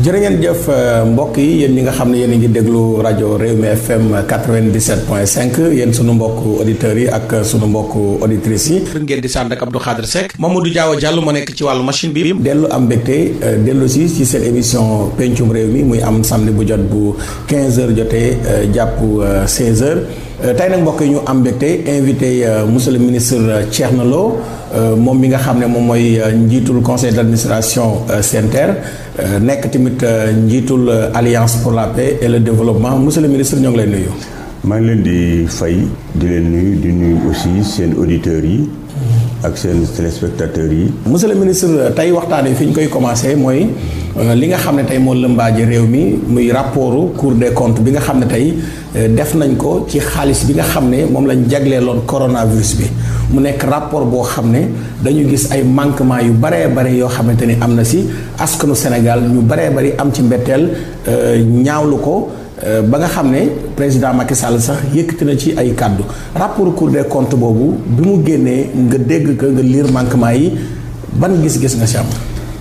jërë ngeen jëf euh, mbokk yi yéen ñi nga xam ne yéen a ngi déglu rajo Rewmi FM 97.5 yéen sunu mbokk auditeurs yi ak suñu mbokk auditrices yi. ngeen di sànd ak Abdou moom Seck. du Diaw jàll moo nekk ci wàllu machine bi. dellu am mbégte euh, dellu si ci seen émission pencum réew mi muy am samedi bu jot bu 15h jotee euh, jàpp 16h. Euh, tey nag mbokk yi ñu am mbégte invité euh, monsieur le ministre euh, Thierno Lo moom mi nga xam ne moom mooy njiitul conseil d' administration CNTR nekk tamit njiitul alliance pour la paix et le développement monsieur ministre ñoo ngi lay nuyu. maa ngi leen di fay di leen nuyu di nuyu aussi seen auditeurs yi. ak seen téléspectateurs yi. monsieur le ministre tey waxtaanee fi ñu koy commencé mooy euh, li nga xam ne tey moo lëmbaaje réew mi muy rapport cour des comptes bi nga xam ne tey euh, def nañ ko ci xaalis bi nga xam ne moom lañ jagleeloon coronavirus bi mu nekk rapport boo xam ne dañu gis ay manquement yu baree bare yoo xamante ni am na si askanu Sénégal ñu baree bari am ci mbetteel euh, ñaawlu ko ba nga xam ne. président Macky Sall sax yëkkati na ci ay kàddu rapport Cour de comptes boobu bi mu génnee nga dégg ko nga lire manquement yi ban gis-gis nga si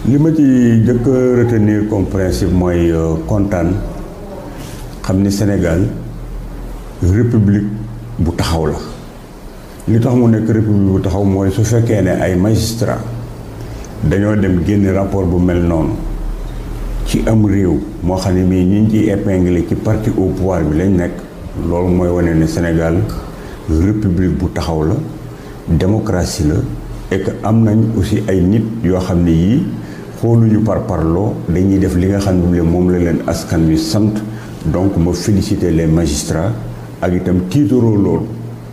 li ma ci jëkk retenir comme principe mooy euh, kontaan xam ni Sénégal république bu taxaw la li tax mu nekk république bu taxaw mooy su fekkee ne ay magistrat dañoo dem génn rapport bu mel noonu. ci am réew moo xam ne bii ñu ngi ciy épinglé ci parti au pouvoir bi lañ nekk loolu mooy wane ne Sénégal république bu taxaw la démocratie la et am nañ aussi ay nit yoo xam ne yii xooluñu par parloo dañuy def li nga xam ne moom la leen askan wi sant donc ma féliciter leen magistrats ak itam tiitaroo loolu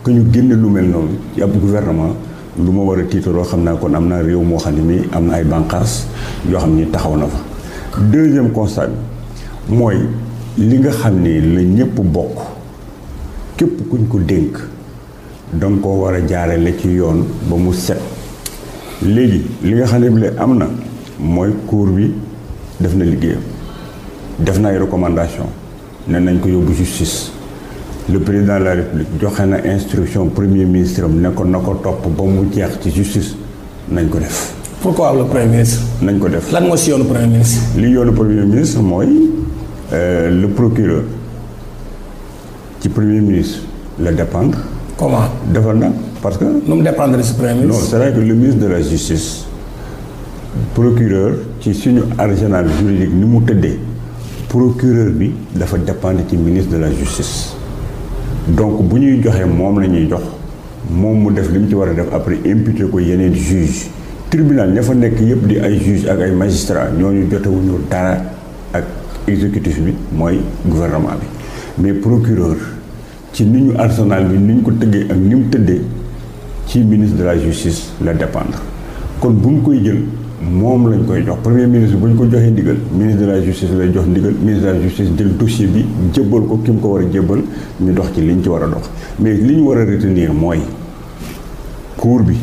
que ñu génne lu mel noonu ci ab gouvernement lu ma war a tiitaroo xam naa kon am naa réew moo xam ne mii am na ay bànqaas yoo xam ni taxaw na fa deuxième constat mooy li nga xam ni la ñëpp bokk képp kuñ ko dénk danga ko war a jaare ci yoon ba mu set léegi li nga xam ne bi am na mooy cour bi def na liggéeyam def na ay recommandation ne nañ ko yóbbu justice le président la république joxe na instruction premier ministre am ne ko na ko topp ba mu jeex ci justice nañ ko def pourquoi le premier ministre. nañ ko def lan moo si yoonu premier ministre. li yoonu premier ministre mooy euh, le procureur ci premier ministre la dépendre. comment defar na parce que. nu mu dépendre si premier ministre. le ministre de la justice procureur ci suñu arsenal juridique ni mu tëddee procureur bi dafa dépendre ci ministre de la justice donc bu ñuy joxee moom la ñuy jox moom mu def li mu ci war a def après imputer ko yeneen juge tribunal ña fa nekk yëpp di ay juge ak ay magistrat ñooñu jotewuñu dara ak exécutif bi mooy gouvernement bi mais procureur ci ni ñu arsenal bi ni ñu ko tëggee ak ni mu tëddee ci ministre de la justice la dépendre kon bu ñu koy jël moom lañ koy jox premier ministre bu ñu ko joxee ndigal ministre de la justice lay jox ndigal ministre de la justice jël dossier bi jébbal ko ki mu ko war a jébbal ñu dox ci liñ ci war a dox mais li ñu war a retenir mooy cour bi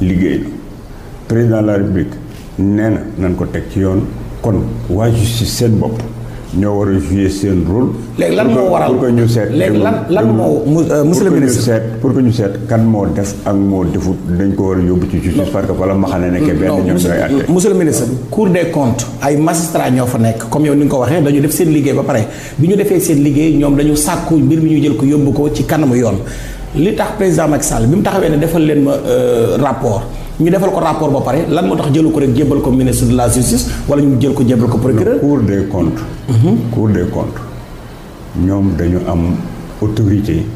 liggéey président la république nee na nañ ko teg ci yoon kon waa justice seen bopp ñoo war a jouer seen rôle. léegi lan moo waral pour que ñu seet. léegi lan lan moo euh, monsieur ministre pour que ñu seet moo def ak moo defut dañ ko war a yóbbu ci wala ma xam ne nekkee benn ñoom ñooy atte. monsieur le cour des comptes ay magistrats ñoo fa nekk comme yow ni nga ko waxee dañu def seen liggéey ba pare bi ñu defee seen liggéey ñoom dañu sàkku mbir mi ñu jël ko yóbbu ko ci kanamu yoon li tax président Macky Sall bi mu taxawee ne defal leen ma euh, rapport. ñu defal ko rapport ba pare lan moo tax jëlu ko rek jébbal ko ministre de la justice wala ñu jël ko jébbal ko procureur. cour des comptes. Mhm. cour des comptes ñoom dañu am autorité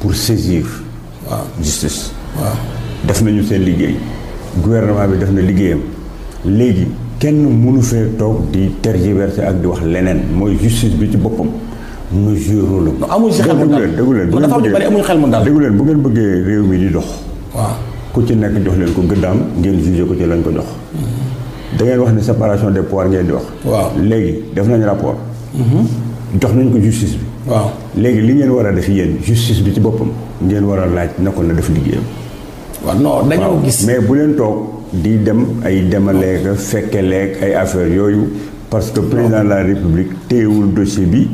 pour saisir. waaw justice. waaw def nañu seen liggéey. gouvernement bi def na liggéeyam léegi kenn mënu fee toog di tergiverser ak di wax leneen mooy justice bi ci boppam. mu joué rôle am. amuñu si xel mu daal déglu leen déglu leen. dafa am bari amuñu xel mu daal déglu leen bu ngeen bëggee réew mi di dox. waaw ku ci nekk jox leen ko gëddaam ngeen jugé ko ci lañ ko jox. Mm-hmm. da ngeen wax ne séparation des pouvoirs ngeen di wax. waaw léegi def nañ rapport. Mm-hmm. jox nañ ko justice bi. waaw léegi li ngeen war a def yéen justice bi ci boppam ngeen war a laaj naka la def liggéeyam. waaw non dañoo gis. mais bu leen toog di dem ay demaleeg fekkeleeg ay affaire yooyu parce que président de la république téyewul dossier bi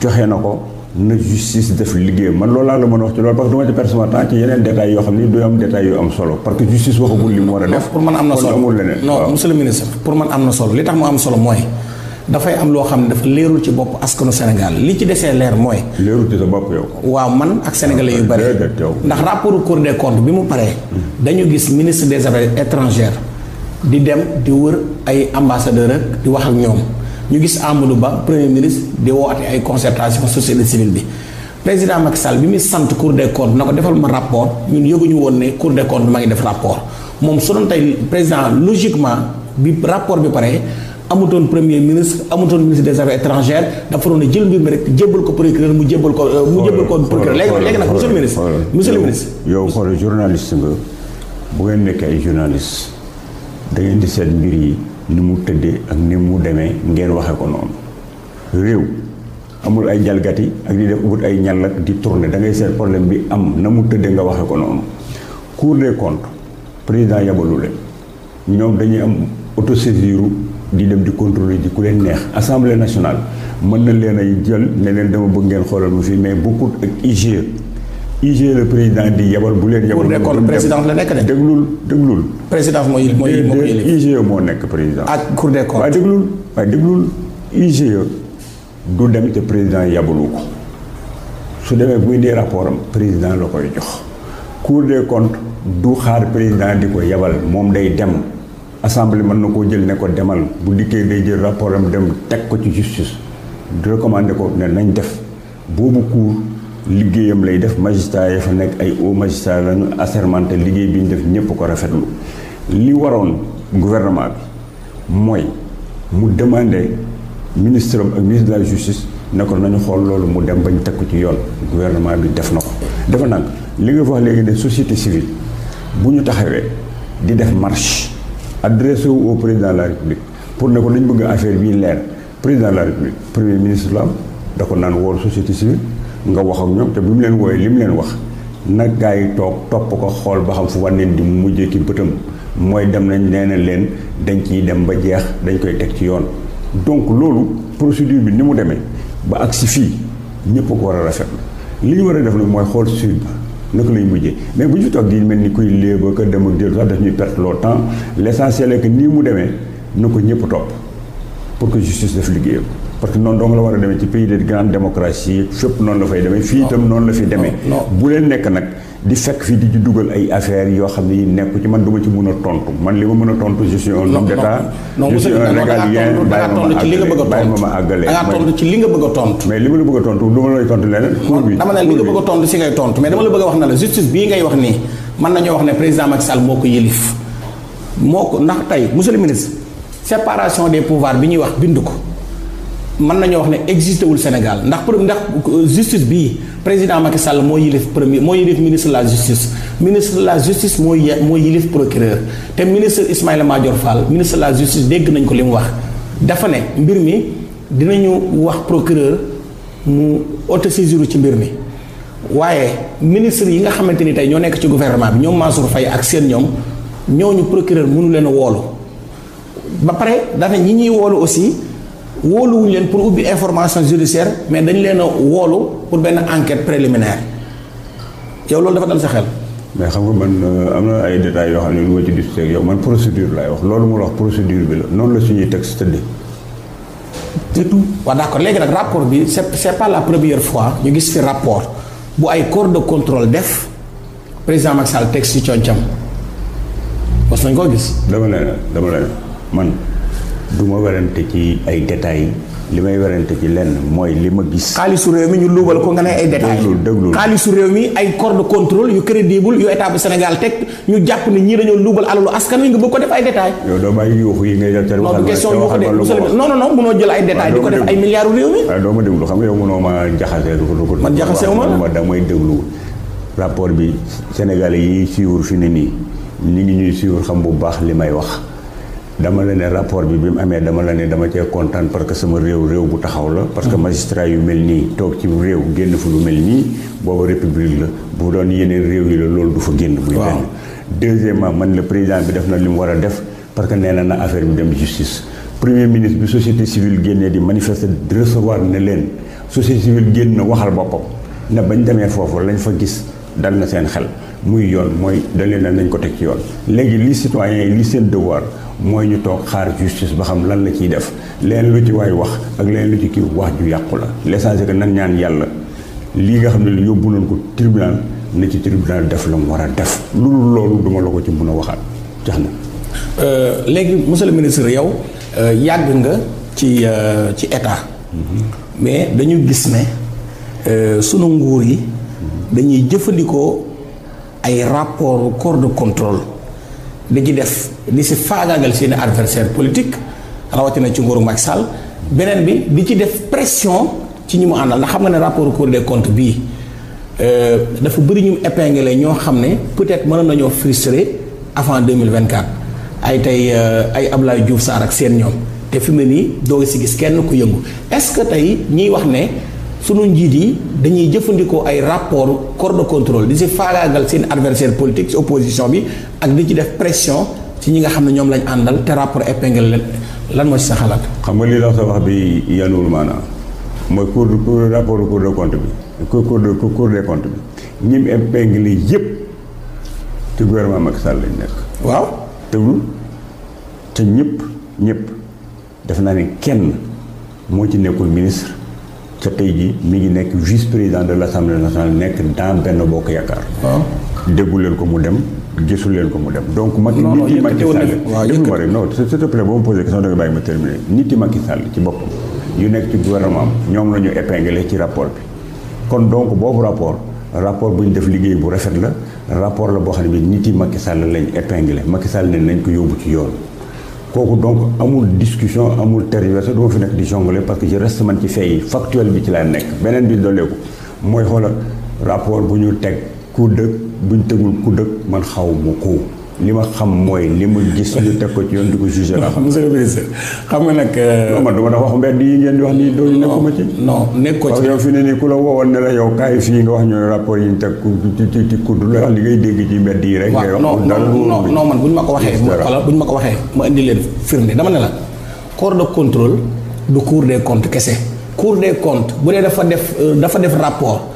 joxe na ko. na justice def liggéey man loolu laa la mën a wax ci loolu parce que du ma ci perdre sama temps ci yeneen détails yoo xam ni du am détails yu am solo parce que justice waxagul li mu war a def. pour man am na solo amul leneen. non monsieur ministre pour man am na solo li tax mu am solo mooy. dafay am loo xam ne dafa leerul ci bopp askanu Sénégal li ci desee leer mooy. leerul ci sa bopp yow. waaw man ak sénégalais yu bari. ndax rapport Cour des comptes bi mu paree. dañu gis ministre des affaires étrangères di dem di wër ay ambassadeurs ak di wax ak ñoom. ñu gis Amadou Ba premier ministre di woote ay concertation société civile bi président Macky Sall bi muy sant cour des comptes na ko defal ma rapport ñun yëguñu woon ne cour des comptes ma ngi def rapport moom su doon tey président logiquement bi rapport bi pare amutoon premier ministre amutoon ministre des affaires étrangères dafa doon jël mbir mi rek jébbal ko procureur mu jébbal ko. Euh, mu jébbal ko procureur léegi léegi nag monsieur le ministre. monsieur le ministre nga bu ngeen nekk da ngeen di seet mbir yi. ni mu tëddee ak ni mu demee ngeen waxe ko noonu réew amul ay jalgati ak di def wut ay ñal ak di tourner da ngay seet problème bi am na mu tëddee nga waxe ko noonu cour des comptes président yabalu leen ñoom dañuy am autosaisir di dem di contrôler ji ku leen neex assemblée nationale mën na leen ay jël ne leen dama bëgg ngeen xoolal ma fii mais bokkut ak IGE IG le président di yebal bu leen yebal. pour récolte la nekk de. déglul déglul. présidence mooy mooy mooy IG moo nekk président. ak cour des comptes waaye déglul waaye du dem te président yebalu demee buy dee rapport président la koy jox. cour des du xaar président di yebal moom day dem assemblée mën na koo jël ne ko demal bu dikkee day jël rapport am dem teg ko ci justice recommandé ko ne nañ def boobu cour. liggéeyam lay def magistrat ya fa nekk ay hauts magistrats lañu assermenté liggéey bi ñu def ñëpp ko rafetlu li waroon gouvernement bi mooy mu demandé ministre am ak ministre de la justice ne ko nañu xool loolu mu dem bañ teg ko ci yoon gouvernement bi def na ko. dafa nag li nga wax léegi ne société civile bu ñu taxawee di def marche adressé wu au président la république pour ne ko dañ bëgg affaire bii leer président de la république premier ministre la am da ko naan wool société nga wax ak ñoom te bi mu leen wooyee li mu leen wax nag gaa yi toog topp ko xool ba xam fu wànneen di mujjee ki bëtam mooy dem nañ nee na leen dañ ciy dem ba jeex dañ koy teg ci yoon donc loolu procédure bi ni mu demee ba ak si fii ñëpp ko war a rafetlu li ñu war a def na mooy xool suite ba naka lay mujjee mais bu ñu fi toog di mel ni kuy léeba ko dem ak dellu sax daf ñuy perte loo temps l' essentiel nii mu demee na ko ñëpp topp pour que justice def liggéeyam parce que noonu doo la war a demee ci pays de grande démocratie fépp noonu la fay demee fii itam noonu la fi demee bu leen nekk nag di fekk fii di dugal ay affaires yoo xam ne nekku ci man du ci mën a tontu man li ma mën a tontu je suis un homme d'état je suis un régalien li nga bëgg a tontu mais li ma la bëgg a tontu tontu leneen cour bi dama ne li bëgg a tontu si ngay tontu mais dama la bëgg a wax na la justice bii ngay wax nii mën nañoo wax ne président moo ko yëlif moo ko ndax tey monsieur le ministre des pouvoirs bi ñuy wax bind ko mën nañoo wax ne existé wul Sénégal ndax pour ndax euh, justice bii président Macky Sall moo yilif premier moo yilif ministre de la justice ministre de la justice moo moo yilif procureur te ministre Ismaïla Madior Fall ministre de la justice dégg nañ ko li mu wax dafa ne mbir mi dina ñu wax procureur mu autosaisir ci mbir mi waaye ministre yi nga xamante ni tey ñoo nekk ci gouvernement bi ñoom Mansour Faye ak seen ñoom ñoo ñu procureur munu leen a woolu ba pare dafa woolu aussi wóoluwuñ leen pour ubbi information judiciaire mais dañu leen a wóolu pour benn enquête préliminaire yow loolu dafa dal sa xel. mais xam nga man euh, am na ay détails yoo xam ne lu ma ci discuter yow man procédure laay wax loolu mu wax procédure bi la noonu la suñuy texte tëddee. te tout waaw d'accord léegi nag rapport bi c'est c'est pas la première fois ñu gis fi rapport bu ay corps de contrôle def président Macky Sall teg ci coñcam mos nañ koo gis. dama leen dama leen man. du ma werante ci ay détails li may werante ci lenn mooy li ma gis. xaalisu réew mi ñu luubal ko nga ne ay détails. déglu déglu xaalisu réew mi ay corps de contrôle yu crédible yu état bu Sénégal teg ñu jàpp ni ñii dañoo luubal alalu askan wi nga bëgg ko def ay détails. yow doo may yuuxu yi ngay def. tey waxal ma question yuuxu de non non non mënoo jël ay détails di ko def ay milliards réew mi. waaw doo ma déglu xam nga yow mënoo ma jaxase du ko du ko. man jaxase wu ma da may déglu rapport bi Sénégalais yi suivre fi ne nii ñu ngi ñuy suivre xam bu baax li may wax dama la ne rapport bi bi mu amee dama la ne dama cee kontaan parce que sama réew réew bu taxaw la. parce que magistrat yu mel nii toog ci réew génn fu lu mel nii booba république la bu doon yeneen réew yi la loolu du fa génn. muy benn deuxièmement man la président bi def na li mu war a def parce que nee na na affaire bi dem justice. premier ministre bi société civile génnee di manifester di recevoir ne leen société civile génn na waxal boppam ne bañ demee foofu lañ fa gis dal na seen xel muy yoon mooy dalee na nañ ko teg ci yoon. léegi li citoyen yi li seen devoir. mooy ñu toog xaar justice ba xam lan la ciy def leen lu ci waay wax ak leen lu ci kii wax ju yàqu la l'essentiel que nan ñaan yàlla lii nga xam ne lu yóbbu nañ ko tribunal na ci tribunal def la mu war a def loolu loolu duma la ko ci mun a waxaat jax na euh, léegi monsieur le ministre yow euh, yàgg nga ci euh, ci état mm-hmm. mais dañu gis ne sunu nguur yi mm-hmm. dañuy jëfandikoo ay rapport corps de contrôle li ci def di si faagaagal seeni adversaire politique rawatina ci nguuru Macky Sall beneen bi di ci def pression ci ñu mu àndal ndax xam nga ne rapport Cour des comptes bii euh, dafa bëri ñu épinglé ñoo xam ne peut-être mënoon nañoo frustré avant 2024 ay tey euh, ay Abdoulaye Diouf Sarr ak seen ñoom te fi mu nii doo si gis kenn ku yëngu est-ce que tey ñiy wax ne. sunu njiit yi dañuy jëfandikoo ay rapport corps de contrôle di si faagaagal seen adversaire politique si opposition bi ak di ci def pression ci ñi nga xam ne ñoom lañ àndal te rapport épingle leen lan moo ci sa xalaat. xam nga lii la wax bi yanuwul maanaam mooy cour cour rapport cour de compte bi cour cour des comptes bi ñim épingle yëpp ci gouvernement Macky Sall lañ nekk. waaw tëglu te ñëpp ñëpp def naa ne kenn moo ci nekkul ministre. te tey jii mi ngi nekk vice président de l' assemblée nationale nekk dans benn bokk yaakaar. waaw déggu leen ko mu dem. gisul leen ko mu dem donc. Macky nit yi Macky Sall déglu ma rek non s'il te ma posé question da nga ma terminé Sall ci boppam yu nekk ci gouvernement am ñoom la ñu épinglé ci rapport bi kon donc boobu rapport rapport bu ñu def liggéey bu rafet la rapport la boo xam ne bi nit yi Macky sàll lañ épinglé Macky Sall ne nañ ko yóbbu ci yoon kooku donc amul discussion amul tergiversé du ma fi nekk di jongler parce que je reste man ci fay factuel bi ci laa nekk beneen bi dooleeku mooy xoolal rapport bu ñu teg ku dëkk bu ñu tegul ku dëkk man xaw ma ko li ma xam mooy li ma gis ñu teg ko ci yoon di ko jugé la xam. monsieur le ministre xam nga nag. Euh, non man dama dafa wax mbedd yi ngeen di wax nii doo nekkuma ci. non nekkoo ci yow fi ne nii ku la woowoon ne la yow kaay fii nga wax ñu rapport yi ñu teg ngay dégg ci mbedd yi rek. ngay wax non non bu ñu ma ko waxee. wala bu ñu ma ko indi leen firnde dama ne la. corps de contrôle du cour des comptes kese. cour des comptes bu dee dafa def euh, dafa def rapport.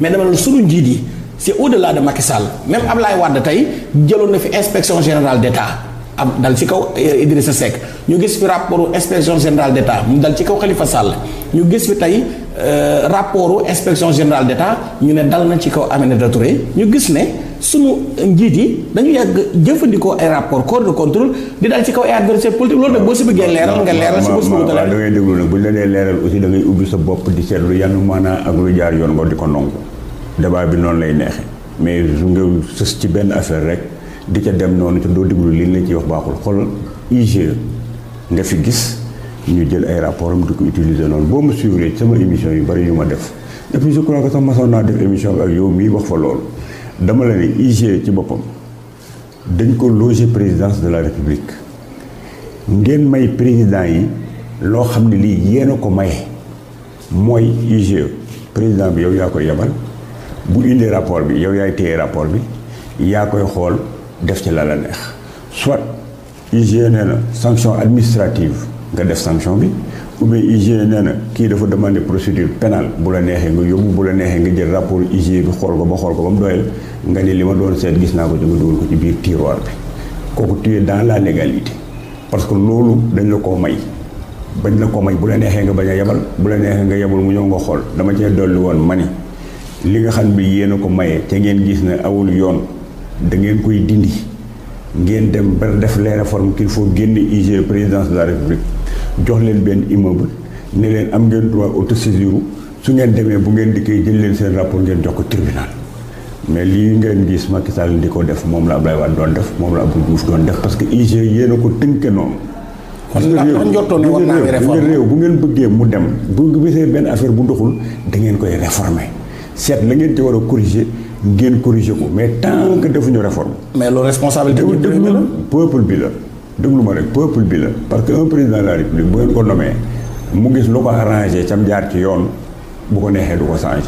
mais dama ne sunu njiit yi c'est au-delà de Macky Sall même Ablaye Wade tey jëloon na fi inspection générale d'État am dal ci kaw eh, sa Seck ñu gis fi rapportu inspection générale d'État mu dal ci kaw Khalifa Sall ñu gis fi tey euh, rapportu inspection générale d'État ñu ne dal na ci kaw Aminata Touré ñu gis ne. sunu njiit yi dañu yàgg jëfandikoo ay rapport corps de di daal ci kaw ay adversaire politique loolu nag boo si bëggee leeral nga leeral si boo bu la dee leeral aussi da ubbi sa bopp di seetlu yan maanaa ak lu jaar yoon nga di ko nangu débat bi noonu lay neexee mais su nga ci benn affaire rek di ca dem noonu te doo déglu li la ciy wax baaxul xool IGE nga fi gis ñu jël ay rapport am di ko utiliser noonu boo ma suivre sama émission yu bari yu ma def et puis je crois que sax masoon naa def émission ak yow mii wax fa loolu dama la ne IGE ci boppam dañ ko loger présidence de la république ngeen may président yi loo xam ne lii yéen a ko maye mooy IGE président bi yow yaa koy yabal bu indi rapport bi yow yaay téye rapport bi yaa koy xool def ci la la neex soit IGE nee na sanction administrative nga def sanction bi ou bien IGE nee na kii dafa demandé procédure pénale bu la neexee nga yóbbu bu la neexee nga jël rapport IGE bi xool ko ba xool ko ba mu doyal nga ne li ma doon seet gis naa ko ci nga dugal ko ci biir tiroir bi kooku tu es dans la légalité parce que loolu dañ la koo may bañ la ko may bu la neexee nga bañ a yebal bu la neexee nga yebal mu ñëw nga xool dama cee dolli woon ma ni li nga xam bi yéen a ko mayee ca ngeen gis ne awul yoon da ngeen koy dindi ngeen dem ba def les réformes qu'il faut génne IG présidence de la république jox leen benn immeuble ne leen am ngeen droit autosaisir su ngeen demee bu ngeen dikkee jël leen seen rapport ngeen jox ko tribunal mais lii ngeen gis Macky Sall di ko def moom la Abdoulaye Wade doon def moom la Abdou Diouf doon def parce que IG yéen a ko tënke noonu. kon réew bu ngeen bëggee mu dem bu gisee benn affaire bu ndoxul da ngeen koy réformer seet la ngeen ci war a corriger. ngeen corriger ko mais tant que defuñu réforme. mais loolu responsabilité bi déglu la peuple bi la déglu ma rek peuple bi la parce que un président la république bu ngeen ko nommé mu gis lu ko arrangé cam jaar ci yoon bu ko neexee du ko changé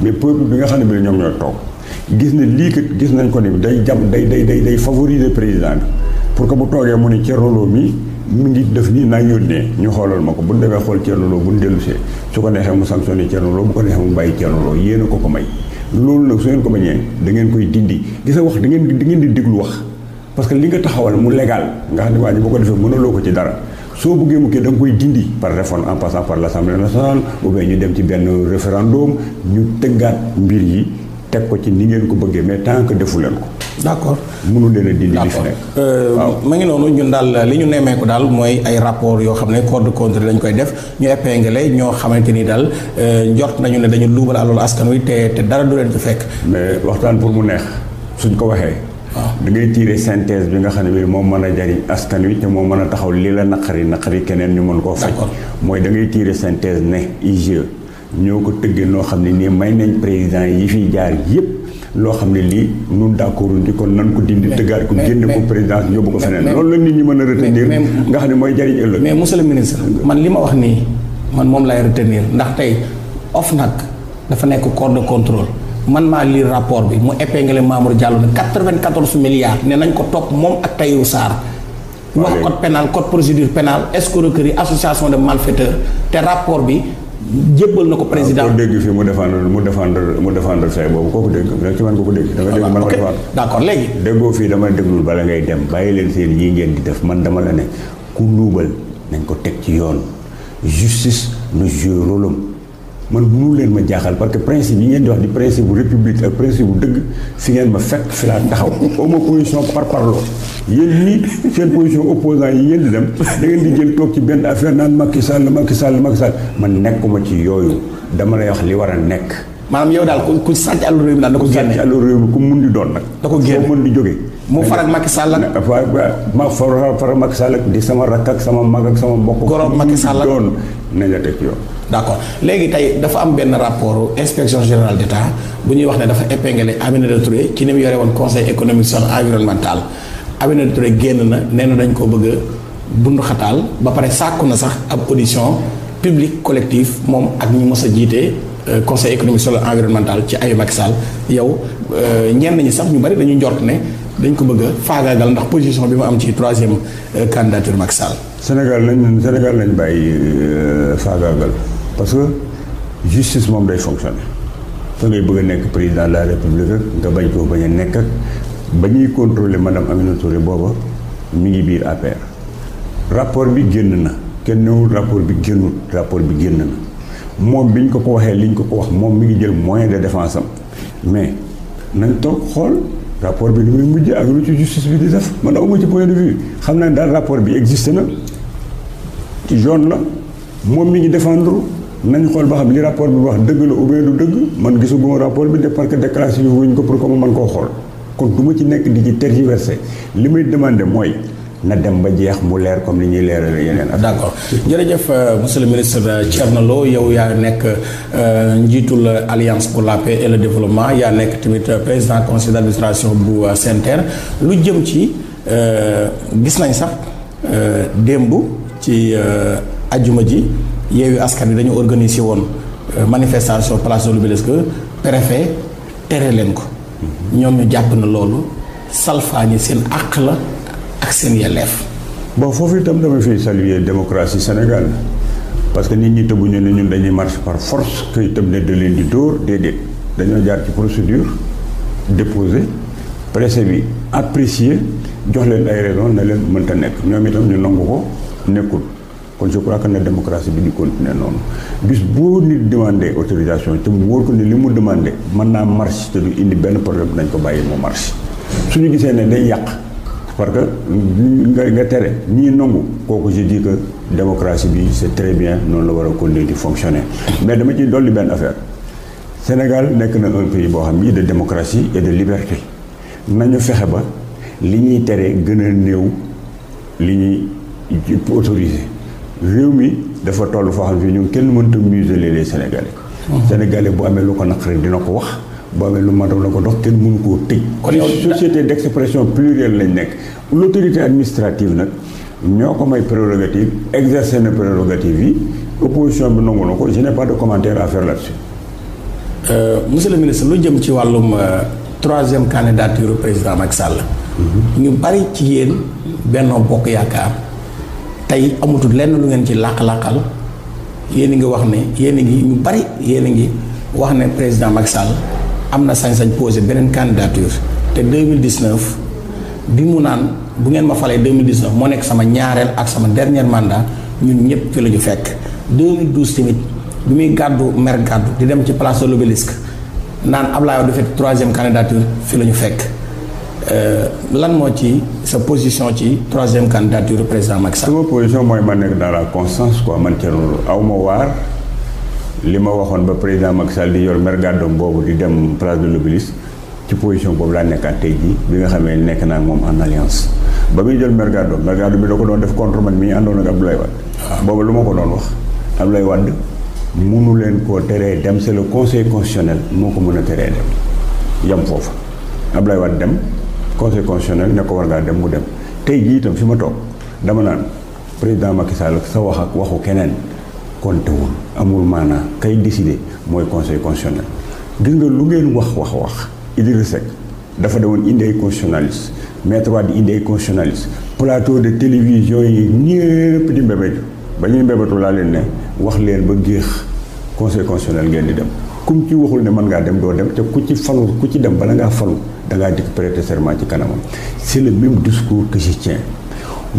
mais peuple bi nga xam ne bi ñoom ñoo toog gis ne lii kat gis nañ ko ni day jam day day day day favoriser président bi pour que bu toogee mu ne ca rôle mi. mi ngi def nii naa yónnee ñu xoolal ma ko bu demee xool Thierno Lo bu ñu dellusee su ko neexee mu sanctionné Thierno Lo bu ko neexee mu bàyyi Thierno Lo ko ko may loolu nag su ngeen ko bañee da ngeen koy dindi gis wax da ngeen da ngeen di déglu wax parce que li nga taxawal mu légal nga xam ne waa ji boo ko defee mënaloo ko ci dara soo bëggee mu kii da nga koy dindi par réforme en passant par l' nationale ou ñu dem ci benn référendum ñu tëggaat mbir yi teg ko ci ni ngeen ko bëggee mais tant que defu leen ko d' accord mënu leen a dindi li fi nekk ma ngi noonu ñun daal li ñu nemmeeku daal mooy ay rapport yoo xam ne corps de contrôle koy def ñu épinglé ñoo xamante ni daal euh, njort nañu ne dañu luubal aloolu askan wi te te dara du leen ci fekk mais waxtaan pour mu neex suñ ko waxee waaw da ngay tiire synthèse bi nga xam ne bi moo mën a jariñ askan wi te moo mën a taxaw li la naqari naqari keneen ñu mën koo faj mooy da ngay tiire synthèse ne IGE ñoo ko tëggee noo xam ne nii may nañ président yi fiy jaar yëpp loo xam ne lii nun d'accorduñ ci kon nan ko dindi dëggaat ko génne ko présidence yóbbu ko feneen loolu la nit ñi mën a retenir nga xam ne mooy jariñ ëllëg mais monsieur le ministre man li ma wax nii man moom lay retenir ndax tey nag dafa nekk corps de contrôle man maa lire rapport bi mu épinglé Mamour Diallo ne 94 milliards ne nañ ko topp moom ak Tahirou Sarr wax code penal code procédure pénale escroquerie association de malfaiteurs te rapport bi jébbal na ko président waaw ah, dégg fi mu défendre mu défendre mu défendre say boobu kooku dégg ci man ko ko dégg. da dégg ah, man ko défendre d'accord léegi. déggoo fii dama déglul bala ngay dem bàyyi leen seen ñii ngeen di def man dama la ne ku luubal nañ ko teg ci yoon justice ne joue rôle am man mënu leen ma jaaxal parce que principe yi ngeen di wax di principe bu république ak principe bu dëgg fi ngeen ma fekk fi laa taxaw au ma position par parloo yéen ñi seen position opposant yi yéen di dem da di jël toog ci benn affaire naan Macky Sall Macky Sall Macky Sall man nekkuma ci yooyu dama lay wax li war a nekk maanaam yow daal ku ku sàcc àllu réew daal da ko génne sàcc àllu réew mun di doon nag. da ko génne foo mun di jóge. mu faral Macky Sall ak. waaw ma faral faral Macky Sall ak di sama rakk ak sama mag ak sama mbokk. góoram Macky Sall ak doon nañ la teg yoon. d' léegi tey dafa am benn rapport inspection générale d' état bu ñuy wax ne dafa épinglé Aminata Touré ci ni mu yore woon conseil économique social environnemental Aminata Touré génn na nee na dañ ko bëgg a bund xataal ba pare sàkku na sax ab audition publique collective moom ak ñu mës a jiite. Euh, conseil économique social environnemental ci ayu Macky Sall yow euh, ñenn ñi sax ñu bari dañu jot ne dañ ko bëgg a faagaagal ndax position bi mu am ci troisième euh, candidature Macky Sall. Sénégal lañ Sénégal lañ bàyyi faagaagal parce que justice moom day fonctionner fa ngay bëgg nekk président de la république ak nga bañ koo bañ a nekk ak ba ñuy contrôler madame Aminata booba mu ngi biir APR rapport bi génn na kenn newul rapport bi génnul rapport bi génn na. moom bi ñu ko ko waxee li ñu ko ko wax moom mi ngi jël moyen de défense am mais nañ toog xool rapport bi lu muy mujj ak lu ci justice bi di def man amu ci point de vue xam naa daal rapport bi existe na ci jaune la moom mi ngi défendre nañ xool ba xam li rapport bi wax dëgg la ou bien du dëgg man gisaguma rapport bi de parce que déclaration bi wuñ ko pour que ma mën koo xool kon du ma ci nekk di ci tergiverser li may demander mooy. na dem ba jeex mu leer comme li ñuy leeral yeneen ak. d' accord jërëjëf euh, monsieur le ministre euh, Thierno Lo yow yaa nekk euh, njiitul alliance pour la paix et le développement yaa nekk tamit président conseil d' administration bu SENTER lu jëm ci gis nañ sax démb ci ajjuma ji yeewu askan yi dañu organiser woon manifestation place de l'Obélisque préfet tere leen ko. Mm-hmm. ñoom ñu jàpp na loolu salfaañi seen àq la. ak seen yelleef. boo foofu itam dama fi saluer démocratie Sénégal parce que nit ñi ñu ne ñun dañuy marche par force que itam ne da leen di dóor déedéet dañoo jaar ci procédure déposé préfet bi apprécié jox leen ay raison ne leen mënta nekk ñoom itam ñu nangu ko nekkul kon je crois que na démocratie bi di continuer noonu bis boo nit demandé autorisation te mu wóor ko ne li mu demandé mën naa marche te du indi benn problème dañ ko bàyyi mu marche suñu gisee ne day yàq. parce que nga nga tere ñii nangu kooku je dis que bi c'est très bien noonu la war a continuer di fonctionner mais dama ciy dolli benn affaire Sénégal nekk na un pays boo xam ni de démocratie et de liberté nañu fexe ba li ñuy tere gën a néew li ñuy autorisé réew mi dafa toll foo xam ne ñun kenn mënta museler les Sénégalais. Mmh. Sénégalais bu amee lu ko naqari dina ko wax. boo amee lu matam la ko dox kenn mënu koo tëj. kon société d' expression plurielle lañ nekk l' autorité nag ñoo ko may prérogative exercer na prérogative yi opposition bi nangu na ko je n'ai pas de commentaire à faire là-dessus. Euh, monsieur le ministre lu jëm ci wàllum euh, troisième candidature président Macky Sall. Mm-hmm. ñu bari ci yéen Benno Bokk Yaakaar tey amatul lenn lu ngeen ci làq-làqal yéen li ngi wax ni yéen a ngi ñu bari yéen a ngi wax ne président Macky Sall am na sañ-sañ posé beneen candidature te 2019 bi mu naan bu ngeen ma falee 2019 moo nekk sama ñaareel ak sama dernier mandat ñun ñëpp fi la ñu fekk. 2012 tamit bi muy gàddu mer gàddu di dem ci place de l'obélisque naan Ablaye Wade du fekk troisième candidature fi la ñu fekk euh, lan moo ci sa position ci troisième candidature président Macky Sall. sama position mooy ma nekk dans la constance quoi man ca loolu aw ma waar. li ma waxoon ba président Macky Sall di yor mer gàddoom boobu di dem place de l'Obélisque ci position boobu laa nekkaat tey jii bi nga xamee nekk naa moom en alliance ba muy jël mer gàddoom mer bi da ko doon def contre man mi ñu àndoon ak Abdoulaye Wade ah. boobu lu ma ko doon wax Abdoulaye Wade munu leen koo teree dem c'est le conseil moo ko mën a teree dem yam foofu Abdoulaye Wade dem conseil constitutionnel ne ko war ngaa dem mu dem tey ji itam fi ma toog dama naan président Macky Sall sa wax ak waxu keneen compté wul amul maanaa kay décidé mooy conseil constitutionnel gis nga lu ngeen wax wax wax Idrissa Seck dafa demoon indi ay constitutionnaliste maître Wade di indi ay constitutionnaliste plateau de télévision yi ñëpp di mbébétu ba ñuy mbébétu laa leen ne wax leen ba géex conseil constitutionnel ngeen di dem kum ci waxul ne mën ngaa dem doo dem te ku ci falu ku ci dem bala ngaa falu da ngaa dikk prêter serment ci kanamam c'est le même discours que je tiens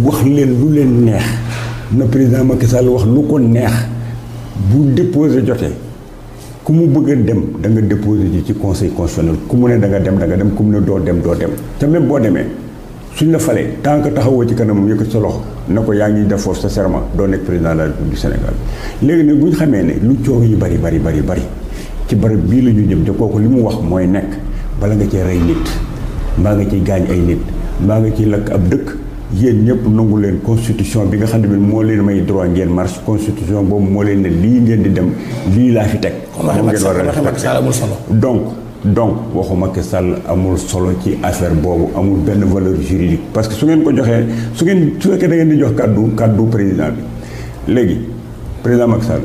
wax leen lu leen neex na président Macky Sall wax lu ko neex bu déposé jotee ku mu bëgg dem da nga déposé ji ci conseil constitutionnel ku mu ne da nga dem da nga dem ku mu ne doo dem doo dem te même boo demee suñ la falee tant que taxawoo ci kanam yëkkati sa loxo na ko yaa ngi defoo sa serment doo nekk président la république Sénégal léegi nag bu ñu xamee ne lu coow yu bari bari bari bari ci bari bii la ñu jëm te kooku li mu wax mooy nekk bala nga cee rey nit mbaa nga ciy gaañ ay nit mbaa nga ciy lakk ab dëkk yéen ñëpp nangu leen constitution bi nga xam ne bi moo leen may droit ngeen marche constitution boobu moo leen ne lii ngeen di dem lii laa fi teg moom ngeen war a donc donc waxu Macky Sall amul solo ci affaire boobu amul benn valeur juridique parce que su ngeen ko joxee su ngeen su fekkee da ngeen di jox kàddu kàddu président bi léegi président Macky Sall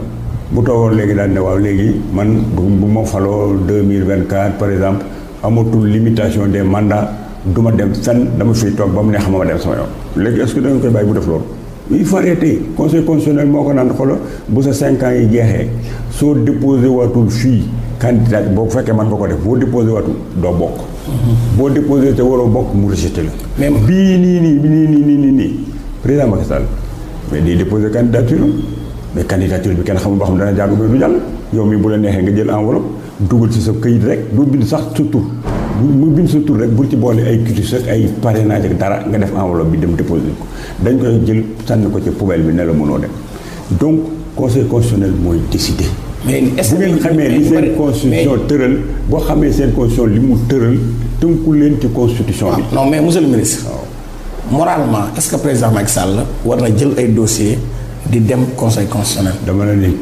bu toogoon léegi daal ne waaw léegi man bu ma faloo 2024 par exemple amatul limitation des mandats du ma dem fenn dama fiy toog ba mu neex ma ma dem sama yoon léegi est-ce que da nga koy bàyyi bu def loolu il faut arrêter conseil constitutionnel moo ko naan xoolal bu sa cinq yi jeexee soo déposé waatul fii candidat boo fekkee man nga ko def boo déposé waatul doo bokk mhm. boo déposé te waroo bokk mu rejeté la mais bii nii nii nii nii nii nii nii président Macky Sall mais day déposé candidature mais candidature bi kenn xamul boo xam dana jàll ba du jàll yow mii bu la neexee nga jël enveloppe dugal ci sa këyit rek doo bind sax sa tur mu bind sa tur rek bul ci boolee ay cutis ak ay parrainage ak dara nga def enveloppe bi dem déposer ko dañ koy jël sànni ko ci poubelle bi ne la mënoo dem donc conseil constitutionnel mooy décider. mais est-ce que bu ngeen xamee li seen constitution tëral boo li mu tëral tënku leen ci constitution bi. Ah, non mais monsieur le ministre. moralement est-ce que président Macky Sall war na jël ay dossiers di dem conseil constitutionnel. dama la ni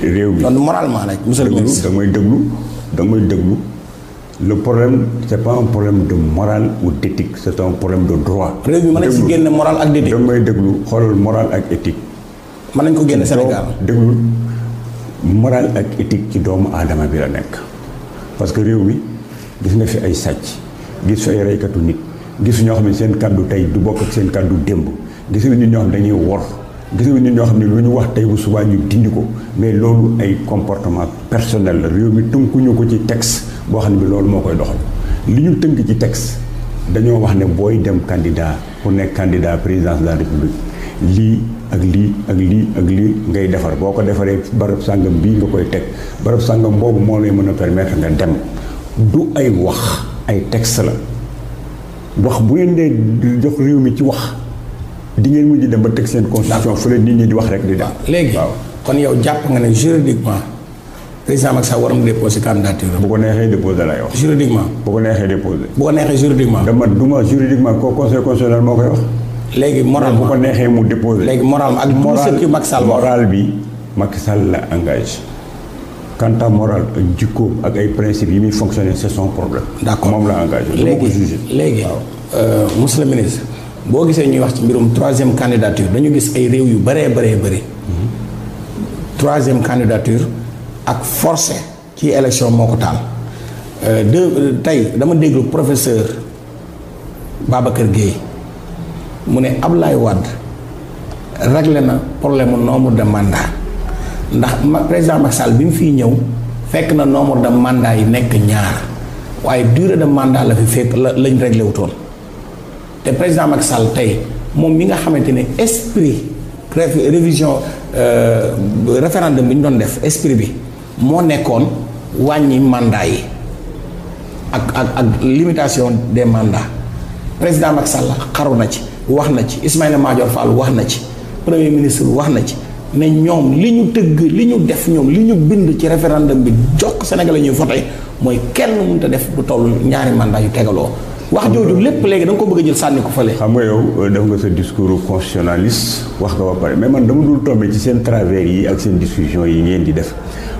réew mi. kon moralement rek monsieur le ministre. da ngay déglu da déglu. le problème c' est pas un problème de morale ou d' éthique c' est un problème de droit. réew mi mën nañ si génne morale ak éthique. damay déglu xoolal morale ak éthique. nañ ko génne Sénégal déglu morale ak éthique ci doomu aadama bi la nekk. parce que réew mi gis nga fi ay sàcc gis fi ay reykatu nit gis ñoo xam ne seen kàddu tey du bokk seen kàddu démb gis nga nit ñoo xam dañuy wor. gis nga ñoo xam ne lu ñu wax tey bu subaa ñu dindi ko mais loolu ay comportement personnel la réew mi tënkuñu ko ci texte boo xam ne bi loolu moo koy doxal li ñu tënk ci texte dañoo wax ne booy dem candidat pour nekk candidat présidence de la république lii ak lii ak lii ak lii ngay defar boo ko defaree barab sàngam bii nga koy teg barab sàngam boobu moo lay mën a permettre nga dem du ay wax ay texte la wax bu ngeen dee jox réew mi ci wax di ngeen mujj dem ba teg seen constitution fu leen nit ñi di wax rek di dem. léegi kon yow jàpp nga ne juridiquement président Macky Sall war mu déposé candidature bu ko neexee déposé lay wax. juridiquement bu ko neexee déposé. bu ko neexee juridiquement. dama duma juridiquement ko conseil constitutionnel moo koy wax. léegi moral bu ko neexee mu déposé. léegi moral ak moral bi Macky Sall moral bi Macky la engage quant moral ak jikkoom ak ay principes yi muy fonctionner c'est son problème. d'accord moom la engagé. léegi léegi euh, monsieur le boo gisee ñuy wax ci mbirum troisième candidature dañu gis ay réew yu bëree bëree bëri troisième candidature ak forcé ci élection moo ko taal euh, de euh, dama déglu professeur Babacar Guèye mu ne Ablaye wàdd réglé na problème nombre de mandat ndax président Macky Sall bi mu fiy ñëw fekk na nombre de mandat yi nekk ñaar waaye dure de mandat la fi fekk la lañ réglé wutoon te président Macky Sall tey moom mi nga xamante ne esprit révision euh, référendum bi ñu doon def esprit bi moo nekkoon wàññi mandat yi ak ak ak limitation des mandats président Macky Sall xaru na ci wax na ci Ismaïla Madior Fall wax na ci premier ministre wax na ci ne ñoom li ñu tëgg li ñu def ñoom li ñu bind ci référendum bi jox Sénégal la ñuy voté mooy kenn mënut a def du toll ñaari mandat yu tegaloo wax jooju lépp léegi da ko bëgg a jël sànni ko fële. xam nga yow euh, def nga sa discours constitutionnaliste wax nga ba pare mais man dama dul tombé ci seen travers yi ak seen discussion yi ngeen di def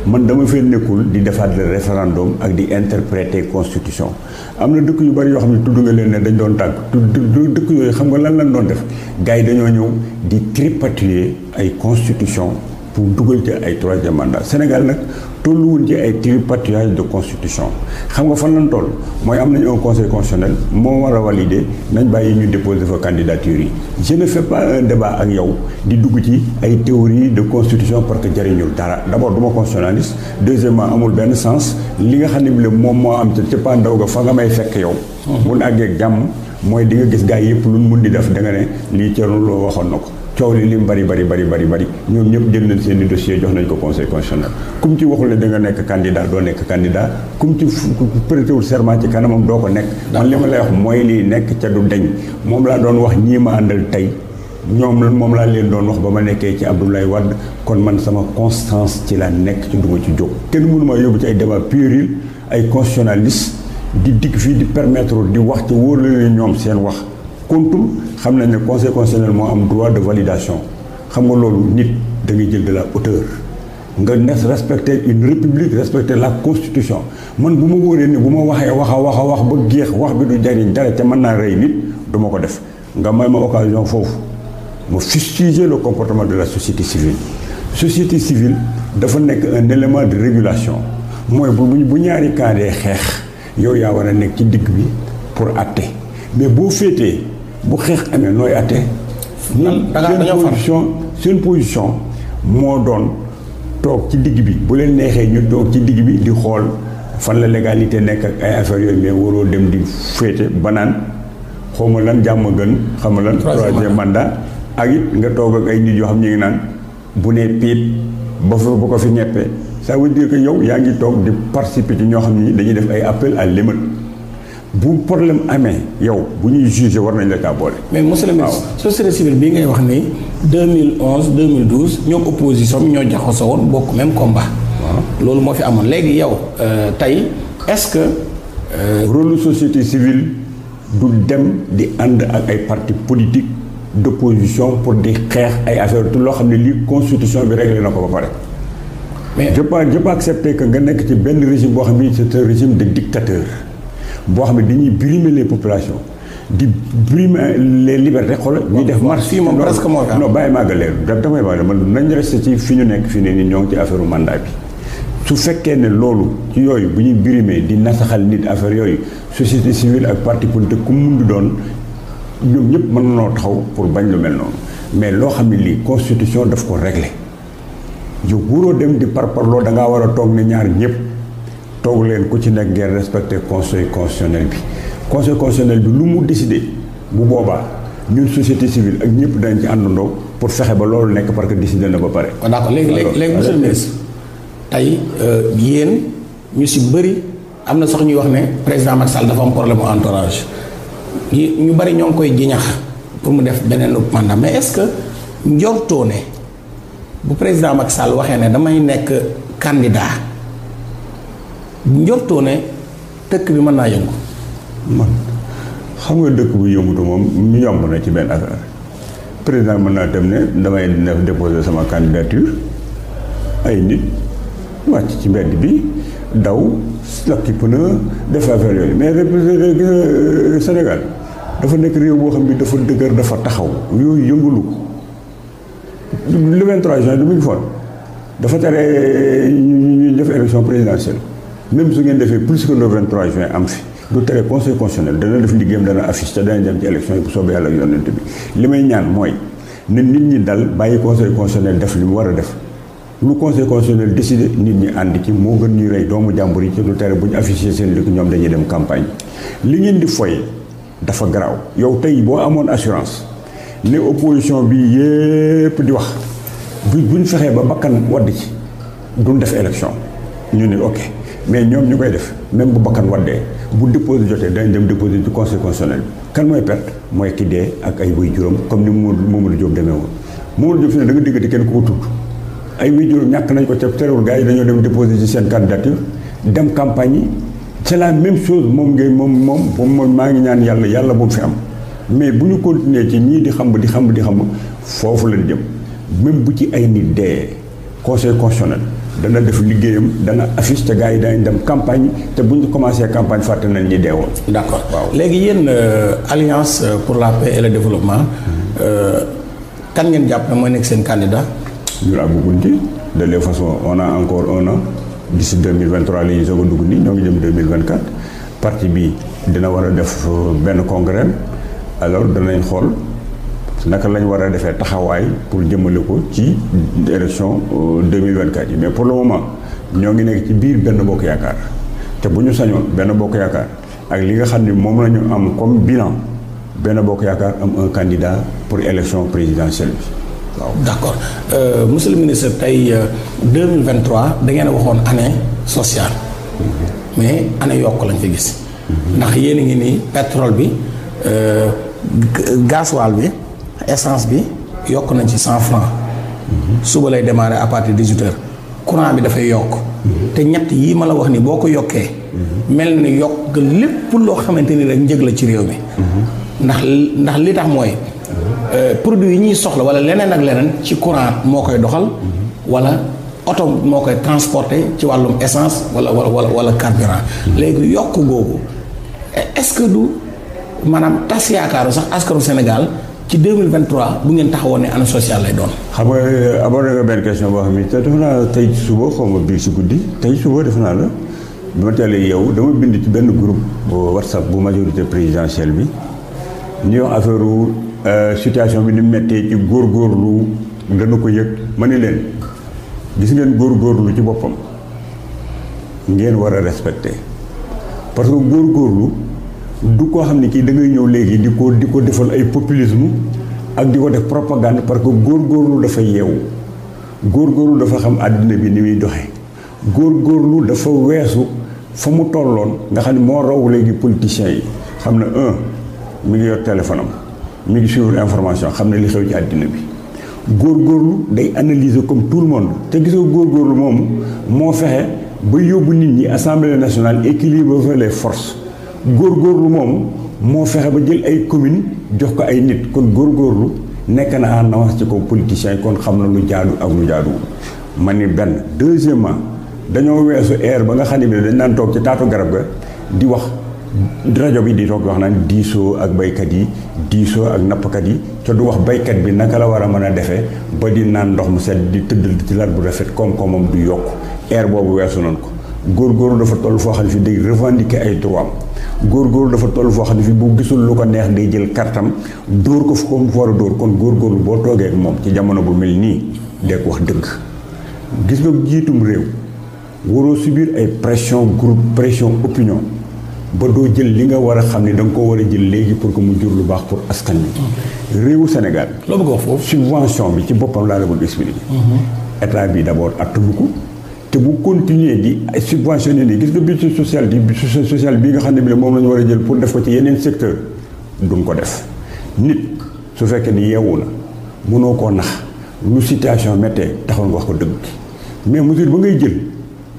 man dama fee nekkul di defaat le référendum ak di interpréter constitution am na dëkk yu bari yoo xam ne tudd nga leen ne dañ doon tàgg dëkk yooyu xam nga lan lañ doon def gars yi dañoo ñëw di tripatuer ay constitution pour dugal ci ay troisième mandat Sénégal nag tollu woon ci ay tripatouillage de constitution xam nga fan lañ toll mooy am nañu un conseil constitutionnel moo war a walide nañ bàyyi ñu déposer fa candidature yi je ne fais ak yow di dugg ci ay théorie de constitution parce que jariñul dara d' abord du ma constitutionnaliste deuxièmement amul benn sens li nga xam ne bi moom moo am ca ndaw ga fa nga may fekk yow mun àggeeg jàmm mooy di nga gis gars yëpp lu mun di def da nga ne waxoon na ko coow li lim bari bari bari bari bari ñoom ñëpp jël nañ seen i dossier jox nañ ko conseil constitutionnel kum ci waxul ne da nga nekk candidat doo nekk candidat kum ci prêtewul serment ci kanamam doo ko nekk man li ma lay wax mooy lii nekk ca du deñ moom laa doon wax ñii ma àndal tey ñoom moom laa leen doon wax ba ma nekkee ci Abdoulaye Wade kon man sama constance ci la nekk ci duma ci jóg kenn mënu maa yóbbu ci ay débat puéril ay constitutionnaliste di dikk fii di permettre di wax ci wóor la ñoom seen wax kontul xam ne conseil constitutionnel moo am droit de validation xam nga loolu nit da jël de la hauteur nga nes respecter une république respecter la constitution man bu ma wóoree ni bu ma waxee wax a wax a wax ba géex wax bi du jariñ dara te man naa rey nit du ma ko def nga may ma occasion foofu ma fustiger le comportement de la société civile société civile dafa nekk un élément de régulation mooy bu bu ñaari kaandee xeex yow yaa war a nekk ci digg bi bu xeex amee nooy àtte. nan dañoo far position seen position moo doon toog ci digg bi bu leen neexee ñu toog ci digg bi di xool fan la légalité nekk ak ay affaires yooyu mais waroo dem di féete banaan xawma lan jàmm gën xam lan. troisième mandat ak nga toog ak ay nit yoo xam ñu ngi naan bu nee piit ba fa ba ko fi ñeppee ça veut dire que yow yaa ngi toog di participer ci ñoo xam ni dañuy def ay appel à l'émeute bu problème amee yow bu ñuy jugé war nañ la kaa boole. mais monsieur le ministre société civile bi ngay wax ni 2011 2012 ñoom opposition bi ñoo jaxasoo woon bokk même combat. waaw loolu moo fi amoon léegi yow euh, tey est-ce que. Euh, rôle société civile du dem di ànd ak ay parti politique d'opposition pour di xeex ay affaire te loo xam ne lii constitution bi réglé na ko ba pare. mais je peux je accepter que nga nekk ci benn régime boo xam ni c'est un régime de dictateur. boo xam ne dañuy brimer les populations di brimer les libertés xoolal. ñuy def marche fii moom presque moo non bàyyi maa gëlee damay wax man nañ resté ci fi ñu nekk fi ne nii ñoo ngi ci affaire mandat bi. su fekkee ne loolu ci yooyu bu ñuy birimee di nasaxal nit affaire yooyu société civile ak parti politique ku mun di doon ñoom ñëpp mën nañoo taxaw pour bañ lu mel noonu mais loo xam ne lii constitution daf ko réglé yow wuroo dem di parparloo da ngaa war a toog ne ñaar ñëpp. toog leen ku ci nekk ngeen respecté conseil constitutionnel bi conseil constitutionnel bi lu mu décidé bu boobaa ñun société civile ak ñëpp dañ ci àndandoo pour fexe ba loolu nekk parce que décidé na ba pare. d' accord léegi léegi léegi monsieur le ministre tey euh, yéen ñu si bëri am na sax ñuy wax ne président Macky Sall dafa am problème mu entourage ñu bëri ñoo ngi koy jiñax pour mu def beneen mandat mais est-ce que njortoo ne bu président Macky Sall waxee ne damay nekk candidat. njortoo ne dëkk bi mën naa yëngu. man xam nga dëkk bu yëngutu moom yomb na ci benn affaire président mën naa dem ne damay def déposer sama candidature ay nit wàcc ci mbedd bi daw lakki pneu def affaire yooyu mais gis nga euh, Sénégal dafa nekk réew boo xam ne dafa dëgër dafa taxaw yooyu yëngulu le 23 juin du mu ngi foon dafa tere euh, ñu def élection présidentielle même su ngeen defee plus que le 23 juin am fi du dana def liggéeyam dana affiche te dana dem ci élection yi bu soobee yàlla ak yonent bi li may ñaan mooy na nit ñi dal bàyyi conseil constitutionnel def li mu war a def lu conseil constitutionnel décidé nit ñi ànd ci moo gën ñuy rey doomu jàmbur yi ci du tere bu ñu affiché seen dëkk ñoom dañuy dem campagne li ngeen di foye dafa garaaw yow tey boo amoon assurance ne opposition bi yépp di wax bi buñ fexee ba bakkan wadd ci duñ def élection ñu ne ok mais ñoom ñu koy def même bu bakkan waddee bu déposé jotee dañ dem déposé ci conseil constitutionnel kan mooy perte mooy ki dee ak ay wuy juróom comme ni Mamadou Diop demee woon Mamadou Diop fi ne da nga diggante kenn ko tudd ay wuy juróom ñàkk nañ ko ca terewul gars yi dañoo dem déposé ci seen candidature dem campagne yi même chose moom ngay moom moom moom maa ngi ñaan yàlla yàlla bu mu fi am mais bu ñu continuer ci ñii di xam di xam di xam foofu lañ jëm même bu ci ay nit dee conseil constitutionnel dana def liggéeyam dana affiche te gars yi dañ dem campagne te bu ñu commencé campagne fàtte nañ ñi deewoon. d' accord waaw léegi yéen euh, alliance euh, pour la paix et le développement euh, kan ngeen jàpp ne moo nekk seen candidat. ñu laa bëggoon ci de les façons on a encore un an d'ici 2023 la ñuy soog a dugg nii ñoo ngi jëm 2024 parti bi dina war a def benn congrès alors danañ xool. naka lañ war a defee taxawaay pour jëmmale ko ci élection 2024 euh, yi mais pour le moment ñoo ngi nekk ci biir benn bokk yaakaar te bu ñu sañoon benn bokk yaakaar ak li nga xam ne moom la ñu am comme bilan benn bokk yaakaar am un candidat pour élection présidentielle bi waaw d'accord euh, monsieur le ministre tey 2023 euh, da ngeen waxoon année sociale mm-hmm. mais année yokk lañ fi gis mm-hmm. ndax yéen a ngi ni pétrole bi euh, gasoil bi essence bi yokk nañ ci cent franc suba lay démarrer à partir de courant bi dafay yokk te ñett yii ma la wax nii boo ko yokkee mel ni yokk lépp loo xamante ni rek njëg la ci réew mi ndax ndax li tax mooy euh, produit yi ñuy soxla wala leneen ak leneen ci courant moo koy doxal wala oto moo koy transporté ci wàllum essence wala wala wala carburant léegi yokk googu est-ce que du maanaam tas yaakaaru sax askanu Sénégal ci 2023 bu ngeen taxawoon ne année sociale lay doon. xam nga euh, aboré nga benn question boo xam ne te defe naa tey suba xaw ma bii si guddi tey suba defe naa la bi ma teelee yow dama bind ci benn groupe WhatsApp bu majorité présidentielle bi ñu wax affaire euh, situation bi ni mu méttee góor góorgóorlu dana ko yëg ma ni leen gis ngeen góorgóorlu ci boppam ngeen war a respecté parce que góor góorgóorlu. du koo xam ne kii da ngay ñëw léegi di ko di ko defal ay populisme ak di ko def propagande parce que góor góorgóorlu dafa yeewu góorgóorlu dafa xam àddina bi ni muy góor góorgóorlu dafa weesu fa mu tolloon nga xam ne moo raw léegi politiciens yi xam ne un mi ngi yor téléphone am mi ngi suivre information xam ne li xew ci àddina bi góorgóorlu day analyser comme tout le monde te góor góorgóorlu moomu moo fexe ba yóbbu nit ñi assemblée nationale équilibre les forces góor góorgóorlu moom moo fexe ba jël ay commune jox ko ay nit kon góorlu nekk na en avance ci ko politiciens kon xam na lu jaadu ak lu jaadu ma ni benn deuxièmement dañoo weesu air ba nga xam ne bi dañ naan toog ci taatu garab ga di wax rajo bi di toog wax naan diisoo ak baykat yi diisoo ak nappkat yi te du wax baykat bi naka la war a mën a defee ba di naan ndox mu set di tëdd ci lal bu rafet koom-koomam du yokk air boobu weesu nañ ko góorgóorlu dafa toll foo xam ne fi day revendiquer ay droit góorgóorlu dafa toll foo xam ne fii bu gisul lu ko neex day jël kartam dóor ko fu ko war a dóor kon góor góorgóorlu boo toogee ak moom ci jamono bu mel nii dee ko wax dëgg gis nga jiitum réew waroo subir ay pression groupe pression opinion ba doo jël li nga war a xam ne da ko koo war a jël léegi pour ko mu jur lu baax pour askan wi. réewu Sénégal. loo bëgg subvention bi ci boppam laa la bëgg expliquer. Mhm. état bi d' abord attalu ko. te bu continuer di subventionné lii gis nga budget social di social bi nga xam ne bi moom la ñu war a jël pour def ko ci yeneen secteur duñ ko def nit su fekkee ni yeewu na mënoo koo nax lu situation méttee taxul nga wax ko dëgg mais mesure ba ngay jël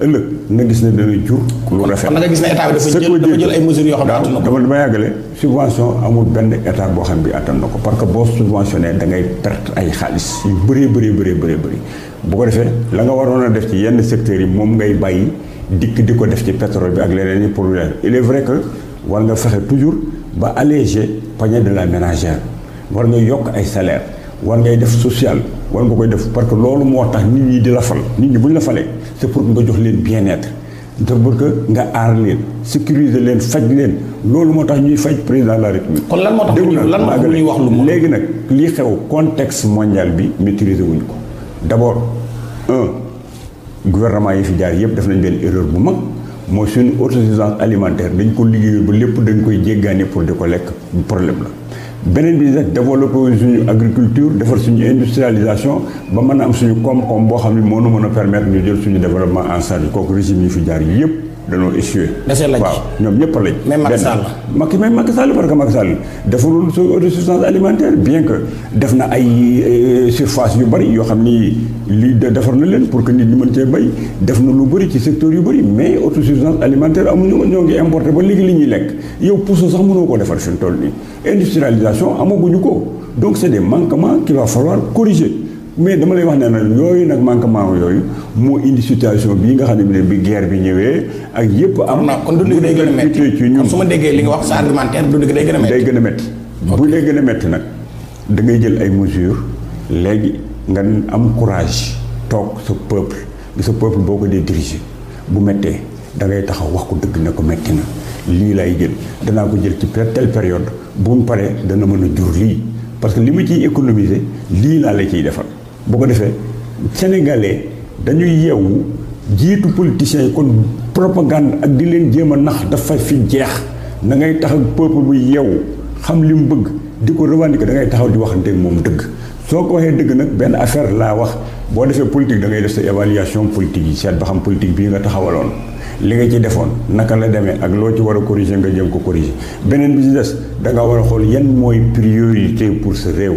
ëllëg na gis ne dana jur lu rafet kon da nga gis ne état bi dafa jël ay mesures yoo xam ne attanu ko dama yàggale subvention amul benn état boo xam bi attan na ko parce que boo subventionné da ngay perte ay xaalis yu bëree bëree bëree bëree bëri bu ko defee la nga waroon a def ci yenn secteurs yi moom ngay bàyyi dikk di ko def ci pétrole bi ak leneen i problème il est vrai que war nga fexe toujours ba alléger panier de la ménagère war nga yokk ay salaire war ngay def social war nga koy def parce que loolu moo tax nit ñi di la fal nit ñi bu ñu la falee c'est pour nga jox leen bien-être te pour que nga aar leen sécuriser leen faj leen loolu moo tax ñuy faj président de la république. kon lan moo tax lan moo ñuy wax lu léegi nag li xew contexte mondial bi maîtriser wuñ ko d'abord un gouvernement yi fi jaar yëpp def nañ benn erreur bu mag. mooy suñu autosuffisance alimentaire dañ ko liggéeyal ba lépp dañ koy jéggaane pour di ko lekk problème la. beneen bi nag développer suñu agriculture defar suñu industrialisation ba mën a am suñu koom-koom boo xam ne moo nu mën a permettre ñu jël suñu développement en ko kooku régime yi fi jaar yëpp dañoo échoué. dese laaj waaw ñoom ñëpp a laaj. même Macky Sall Macky même Macky Sall parce que Macky Sall defulul autosuffisance alimentaire bien que def na ay euh, surface yu bëri yoo xam ni lii defar na leen pour que nit ñi mën cee béy def na lu bëri ci secteur yu bëri mais autosuffisance alimentaire amuñu ñoo ngi importé ba léegi li ñuy lekk yow pousse sax mënoo koo defar fi mu toll nii industrialisation amaguñu ko donc c' est des manquements qu'il va falloir corriger. mais dama lay wax ne nag yooyu nag manquement yooyu moo indi situation bii nga xam ne bi guerre bi ñëwee ak yépp am. kon du day a métti ci ñun su ma li nga wax sa argumentaire du day gën a métti. day gën a métti bu day gën a métti nag da jël ay mesures léegi nga am courage toog sa peuple sa peuple boo ko dee diriger bu méttee da ngay taxaw wax ko dëgg ne ko métti na lii laay jël danaa ko jël ci telle période bu mu paree dana mën a jur lii parce que li ma ciy économiser lii laa la ciy defal. boo ko defee sénégalais dañuy yeewu jiitu politiciens yi kon propagande ak di leen jéem a nax dafa fi jeex na ngay tax ak peuple bu yeewu xam li mu bëgg di ko revendiquer da ngay taxaw di waxanteeg moom dëgg soo ko waxee dëgg nag benn affaire laa wax boo defee politique da ngay def sa évaluation politique yi seet ba xam politique bii nga taxawaloon li nga ci defoon naka la demee ak loo ci war a nga jëm ko corriger beneen bi des da nga war a xool yan mooy priorité pour sa réew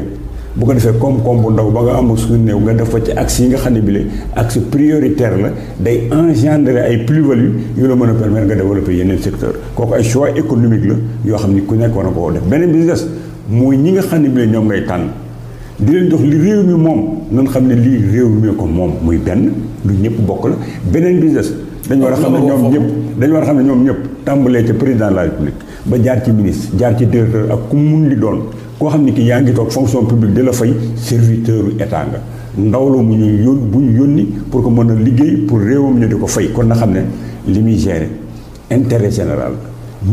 bu ko defee koom-koom bu ndaw ba nga am suñu néew nga def fa ci axe yi nga xam ne bi la prioritaire la day en gendre ay plus-value yu la mën a permettre nga développer yeneen secteur kooku ay choix économique la yoo xam ni ku nekk war na koo def beneen bi mooy ñi nga xam ne bi ñoom ngay tànn di leen jox li réew mi moom nan xam ne lii réew mi ko moom muy benn lu ñëpp bokk la beneen bi des dañu war a xam ne ñoom ñëpp dañu war a xam ne ñoom ñëpp tàmbalee ca président la république ba jaar ci ministre jaar ci directeur ak ku mun li doon koo xam ne kii yaa ngi toog fonction publique di la fay serviteur u état nga ndaw la mu ñu yón bu ñu yónni pour ko mën a liggéey pour réewam ñu di ko fay kon na xam ne li muy gérer intérêt général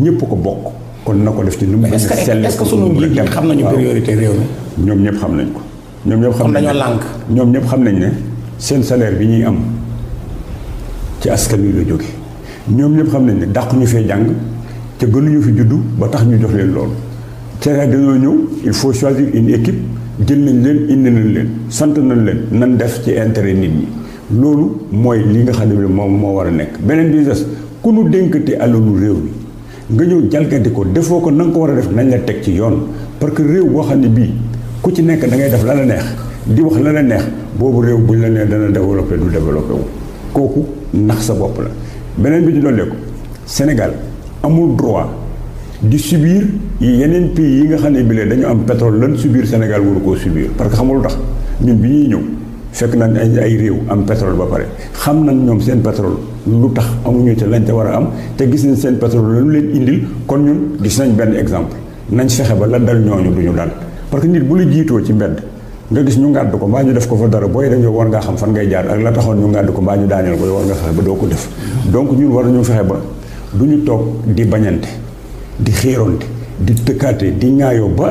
ñëpp ko bokk kon na ko def ci nu mu gën a sell est-ce que sunu njiit yi xam nañu priorité réew mi ñoom ñëpp xam nañ ko ñoom ñëpp xam nañu lànk ñoom ñëpp xam nañ ne seen salaire bi ñuy am ci askan wi la jóge ñoom ñëpp xam nañ ne dàq ñu fee jàng te gënuñu fi juddu ba tax ñu jox leen loolu Sénégal dañoo ñëw il faut choisir une équipe jël nañ leen indi nañ leen sant nañ leen nan def ci intérêt nit ñi loolu mooy li nga xam ne moom moo war a nekk beneen bi des ku nu dénkati alalu réew mi nga ñëw jalgati ko defoo ko na nga ko war a def nañ la teg ci yoon parce que réew boo xam ne bii ku ci nekk da ngay def la la neex di wax la la neex boobu réew buñ la nee dana développé du développé wu kooku nax sa bopp la beneen bi ci dollee ko Sénégal amul di subir yeneen pays yi nga xam ne bilee dañu am pétrole lan subir Sénégal waru koo subir parce que xamul tax ñun bi ñuy ñëw fekk nañ ay ay réew am pétrole ba pare xam nañ ñoom seen pétrole lu tax amuñu ca lañ ca war a am te gis nañ seen pétrole lañu leen indil kon ñun di nañ benn exemple nañ fexe ba la dal ñooñu du ñu dal parce que nit bu la jiitoo ci mbedd nga gis ñu ngàdd ko mbaa ñu def ko fa dara booy def yow war ngaa xam fan ngay jaar ak la taxoon ñu ngàdd ko mbaa ñu daaneel ko yow war nga fexe ko def donc ñun war nañu fexe ba du ñu toog di bañante di xiironte di tëkkaate di ñaayoo ba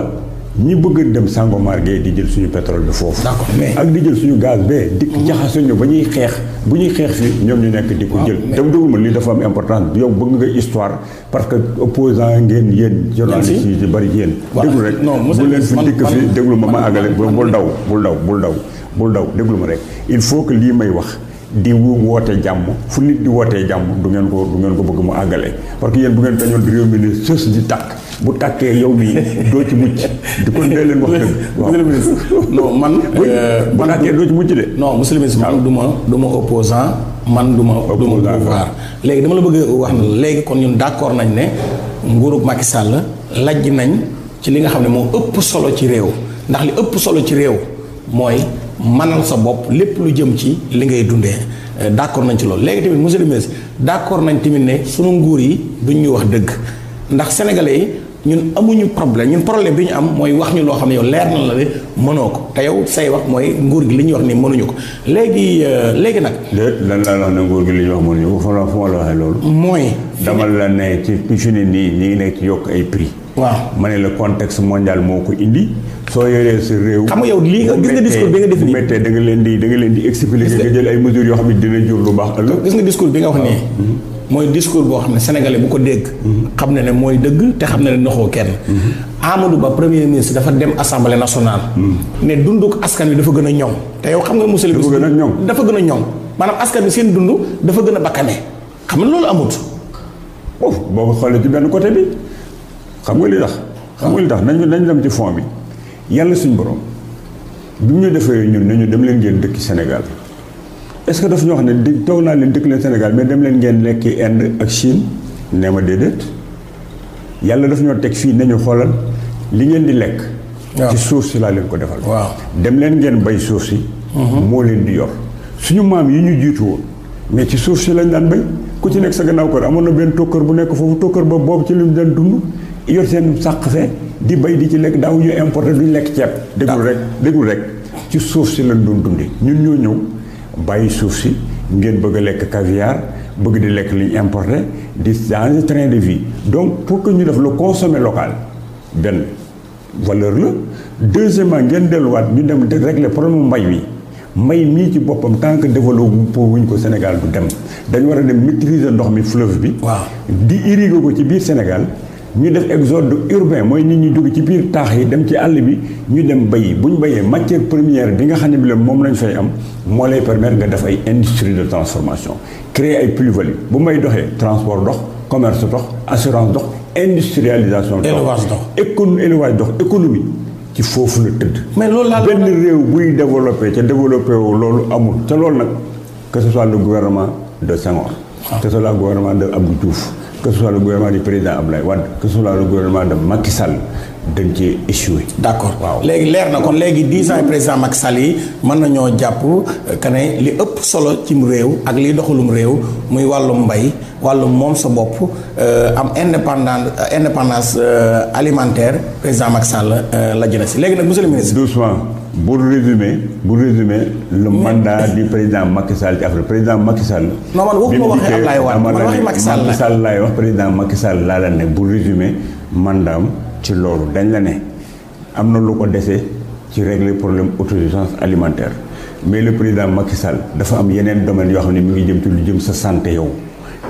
ñi bëgg dem sango gee di jël suñu pétrole bi foofu. d'accord mais ak di jël suñu gaz bee. dikk mmh. jaxasuñu ba ñuy xeex bu ñuy xeex fii ñoom ñu nekk di ko jël. dem ma li dafa am bi yow bëgg nga histoire parce que opposant ngeen yéen. journaliste yi ci bari yéen. déglu rek bu leen fi dikk fi déglu ma ma àggale bu daw bul daw bul daw bul daw déglu ma rek il faut que lii may wax. di woote jàmm fu nit di wootee jàmm du ngeen ko du ngeen ko bëgg mu àggale parce que yéen bu ngeen tañoon réew mi ne sës di tàkk bu tàkkee yow mii doo ci mucc di kon dee leen wax dëgg non man euh, bu tàkkee doo ci mucc de non monsieur le ministre man du ma du ma opposant man du ma du ma pouvoir léegi dama la bëggee wax na léegi kon ñun d'accord nañ ne nguurug Macky Sall lajj nañ ci li nga xam ne moo ëpp solo ci réew ndax li ëpp solo ci réew mooy manal sa bopp lépp lu jëm ci li ngay dundee euh, d'accord nañ ci loolu léegi tamit monsieur le ministre d'accord nañ tamit ne sunu nguur yi duñ ñuy wax dëgg ndax sénégalais yi. ñun amuñu problème ñun problème bi ñu am mooy wax ñu loo xam ne yow leer na la ne mënoo ko te yow say wax mooy nguur gi li ñuy wax ni mënuñu ko léegi euh, léegi nag. déet lan laa wax ne nguur gi li ñuy wax mënuñu ko fu ma la waxee loolu. mooy. dama la ne ci fi ñu nii ñu ngi nekk ci yokk ay prix. waaw ma ne la contexte mondial moo ko indi soo yoree sa réew. xam nga yow lii nga gis nga discours bi nga def nii bu da nga leen di da leen di expliquer nga jël ay mesures yoo xam ne dina jur lu baax ëllëg. gis nga discours bi nga wax mm-hmm. mooy discours boo xam ne sénégalais bu ko dégg. Mm-hmm. xam na ne mooy dëgg te xam na ne noxoo kenn. Mm-hmm. Amadou Ba premier ministre dafa dem assemblée national ne dunduk askan wi dafa gën a ñoŋ. te yow xam nga monsieur le ministre dafa gën a ñoŋ dafa gën a ñoŋ maanaam askan bi seen dund dafa gën a bakkane xam nga loolu amut. boo ko xoolee ci benn côté bi xam nga li tax xam nga li tax nañ nañ dem ci fond bi yàlla suñ boroom bi ñuy ñu defee ñun ne ñu dem leen ngeen dëkki Sénégal est ce que daf ñu wax ne di toog naa leen dëkk leen Sénégal mais dem leen ngeen nekki Inde ak Chine nee ma déedéet yàlla daf ñoo teg fii nañu xoolal li ngeen di lekk. ci suuf si laa leen ko defal. waaw dem leen ngeen bay suuf si. Mhm. moo leen di yor suñu maam yi ñu jiitu woon mais ci suuf si lañ daan bay ku ci nekk sa gannaaw kër amoon na benn tokkër bu nekk foofu tokkër boobu ci li mu daan yor seen sàq se di bay di ci lekk daaw ñu importé duñ lekk ceeb déglu ah. rek déglu rek ci suuf si lañ doon dunde ñun ñoo ñëw bàyyi suuf si ngeen bëgg a lekk caviar bëgg di lekk liñ importé di changer train de vie donc pour que ñu def le consommer local benn valeur la deuxièmement ngeen delluwaat ñu dem de régler problème mbay mi mbay mii ci boppam tant que développé wuñ ko Sénégal du dem dañ war a dem maîtriser ndox mi fleuve bi. waaw di irriguer ko ci biir Sénégal. ñu def exode urbain mooy nit ñu dugg ci biir taax yi dem ci àll bi ñu dem bayi bu ñu bayee matière première bi nga xam ne bi la moom lañ fay am moo lay permettre nga def ay industrie de transformation créer ay plus-value bu may doxee transport dox commerce dox assurance dox industrialisation dox élevage dox éco élevage économie ci foofu la tëdd mais loolu laa benn réew buy développé ca développé wu loolu amul ca lool nag que ce soit le gouvernement de Senghor ah. que ce soit le gouvernement de que ce soit le gouvernement du président Abdoulaye Wade que ce soit le gouvernement de Macky Sall dañ cee waaw léegi leer na kon léegi dix ans président Macky Sall yi mën nañoo jàpp que li ëpp solo cim réew ak liy doxalum réew muy wàllum mbay wàllum moom sa bopp euh, am indépendance indépendance euh, alimentaire président Macky Sall euh, la jëlee si léegi nag monsieur le ministre. doucement. bu résumé bu résumé le mandat du président Macky Sall ci Afrique président Macky Sall. non man waxuma waxee Ablaye Wade Sall laay wax président Macky Sall laa la ne bu résumé mandaam ci loolu dañ la ne am na lu ko dese ci régler problème autosuffisance alimentaire mais le président Macky Sall dafa am yeneen domaine yoo xam ne mi ngi jëm ci lu jëm sa santé yow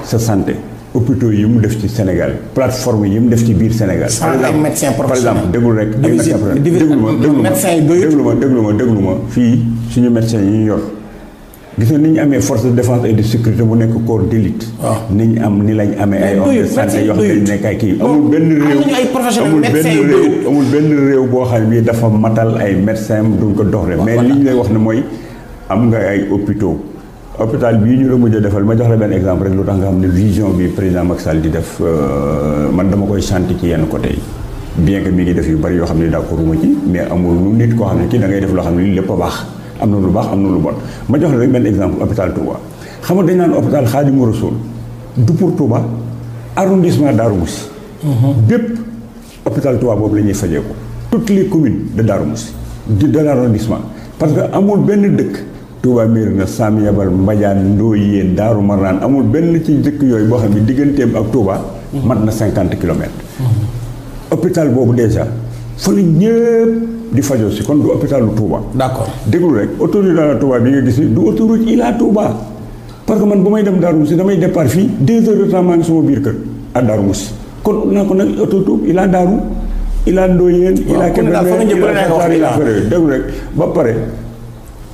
sa santé. hôpitaux yi mu def ci Sénégal plateforme yi mu def ci biir Sénégal. par exemple par exemple déglu rek. ay médecins professionnels déglu ma déglu ma déglu ma déglu fii suñu médecins yi ñu yor gis na ni ñu amee force de défense et de sécurité bu nekk corps d'élite. ni ñu am ni lañ amee ay. hommes de santé yoo xam ne nekk ay kii amul benn réew. amul benn réew amul benn réew boo xam ne dafa matal ay médecins duñ ko dox rek. mais li ñu lay wax ne mooy am nga ay hôpitaux. hôpital bii ñu la mujj a defal ma jox la benn exemple rek lu tax nga xam ne vision bi président Macky Sall di def euh, man dama koy chanter ci yenn côté yi bien que mi ngi def yu bari yoo xam ne d'accord uma ci mais amul lu nit koo xam ne kii da ngay def loo xam ne lépp a baax am na lu baax am na lu bon ma jox la rek benn exemple hôpital Touba xam nga dañ naan hôpital Khadimou Rassoul du pour Touba arrondissement Darou Moussi mhm. bépp hôpital Touba boobu la ñuy fajee ko toutes les communes de Darou Moussi de l'arrondissement parce que amul benn dëkk Touba Mérina Sam Yabal Mbadiane Ndoye Daaru Marnaan amul benn ci dëkk yooyu boo xam ne digganteem ak Touba. mat na cinquante kilomètres. hôpital boobu déjà fa la ñëpp di fajoo si kon du hôpitalu Touba. d'accord déglu rek autoroute à la Touba bi nga man bu may dem Darou Moussi damay départ fii deux heures de temps maa ngi sama biir kër à Darou Moussi kon naa ko nag autoroute ila Darou ila Ndoyeen. ila Kébémer ila Sarr ila Ferré déglu rek ba pare.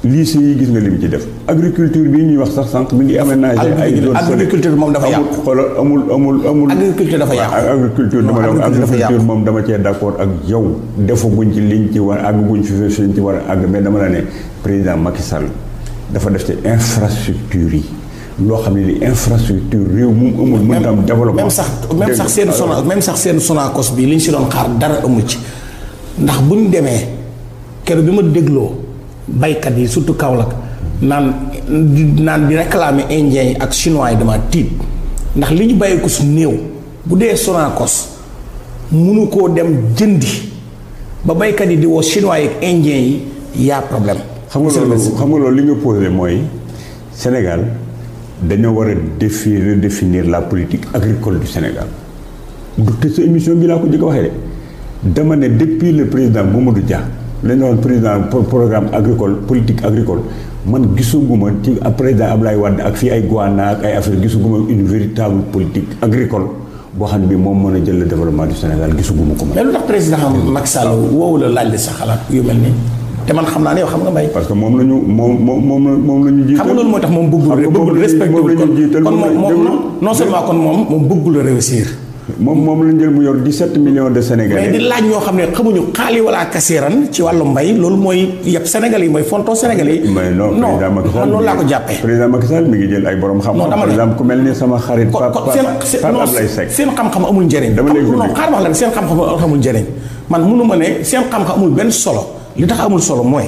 lycée yi gis nga li mu ci def agriculture bi ñuy wax sax sànq mi ngi aménagé ay zone agriculture moom dafa yàqu xoolal amul amul amul agriculture dafa yàqu agriculture dama la agriculture moom dama cee d'accord ak yow defaguñ ci liñ ci war a àgg guñ fi suñ ci war a àgg mais dama la ne président Macky sal dafa def ci infrastructure yi loo xam ne li infrastructure réew mu amul mën tam développement même sax même sax seen sona même sax seen Sonacos bi li ñu si doon xaar dara amu ci ndax bu buñ demee keroog bi ma dégloo baykat yi surtout Kaolack naan naan di réclamer indien yi ak chinois yi dama tiit ndax li ñu bàyyi ko su néew bu dee Sonacos mënu koo dem jëndi ba baykat yi di woo chinois yi ak indien yi y'a problème. xam nga loolu xam nga loolu li nga posé mooy Sénégal dañoo war a défi redéfinir la politique agricole du Sénégal. du te sa émission bi laa ko jëkk waxee de dama ne depuis le président Mamadou Dia. li ñu doon président programme agricole politique agricole man gisuguma ci président Ablaye Wade ak fii ay Gouana ak ay affaire gisuguma une véritable politique agricole boo xam ne bii moom mën a jël le développement du Sénégal gisuguma ko. mais lu tax président Macky Sall woowu la laaj sa xalaat yu mel nii te man xam naa ne yow xam nga mbay. parce que moom la ñu moom moom moom la ñu jiital. xam nga moo tax moom bëggul. respecté wul kon moom non seulement kon moom moom bëggul réussir. moom moom lañ jël mu yor 17 millions de sénégalais. mais di laaj ñoo xam ne xamuñu xaali wala kasiran ci wàllu mbay loolu mooy yëpp sénégalais yi mooy fonto sénégal yi. mais non président Macky Sall noonu laa ko jàppee. président Macky Sall mi ngi jël ay xam-xam. par seen xam-xam amul njëriñ. dama lay non xaar man mënu ma ne seen xam-xam amul benn solo li tax amul solo mooy.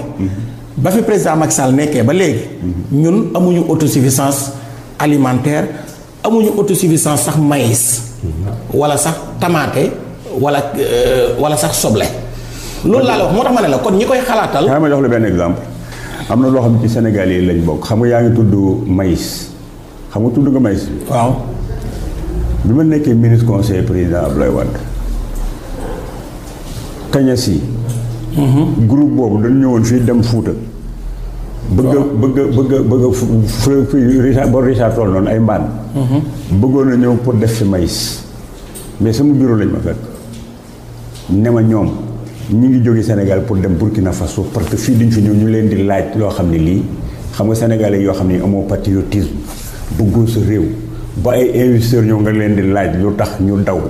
ba fi président Macky nekkee ba léegi. ñun amuñu autosuffisance alimentaire amuñu autosuffisance sax maïs wala sax tamaate wala euh, wala sax soble. loolu laa la wax moo tax ma ne la kon ñi koy xalaatal. xanaa ma jox la benn exemple am na loo xam ci Sénégal yi lañ bokk xam nga yaa ngi tudd maïs xam nga tudd nga maïs. waaw. bi ma nekkee ministre conseiller président Abdoulaye Wade kaña si. Mhm. groupe boobu dañu ñëwoon fii dem Fuuta. bëgg a bëgg a bëgg a bëgg a fi noonu ay mbaan mhm. bëggoon a ñëw pour def fi maïs mais sama bureau lañ ma fekk ne ma ñoom ñi ngi jóge senegal pour dem Burkina Faso parce que fii duñ fi ñëw ñu leen di laaj loo xam ne lii xam nga sénégalais yoo xam ne amoo patriotisme bëggoo sa réew ba ay investisseurs ñëw nga leen di laaj lu tax ñu daw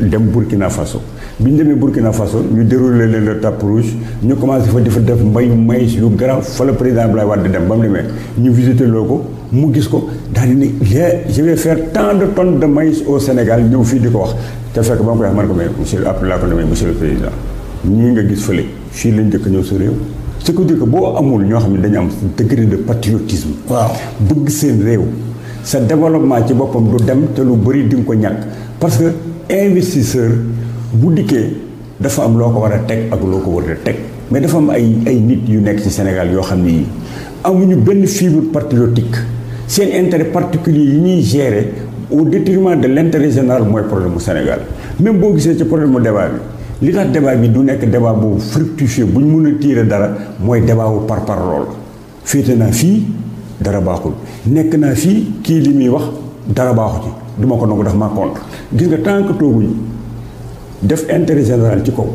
dem Burkina Faso bi ñu demee Burkina Faso ñu déroulé leen le tapis rouge ñu commencé fa di fa def mbay maïs yu garaaw fa la président Abdoulaye Wade dem ba mu demee ñu visité loo ko mu gis ko daal ni je vais faire tant de tonnes de maïs au Sénégal ñëw fii di ko wax te fekk ba ma koy wax man ko mais monsieur Abdoulaye ko demee monsieur le président ñii nga gis fële fii lañ dëkk ñëw sa réew ce qui veut boo amul ñoo xam ne dañu am degré de patriotisme waaw bëgg seen réew sa développement ci boppam du dem lu bëri di ko ñàkk investisseur bu dikkee dafa am loo ko war a teg ak loo ko war a teg mais dafa am ay ay nit yu nekk ci Sénégal yoo xam ni amuñu benn fibre patriotique seen intérêt particulier yi ñuy gérer au détriment de l' intérêt mooy problème mu Sénégal même boo gisee ci problème mu débat bi li tax bi du nekk débat bu fructifié bu ñu mën a tiire dara mooy débat wu par par lool féete naa fii dara baaxul nekk naa fii kii li muy wax dara baaxu ci du ko nangu daf maa gis nga tant que tooguñu def intérêt général ci kaw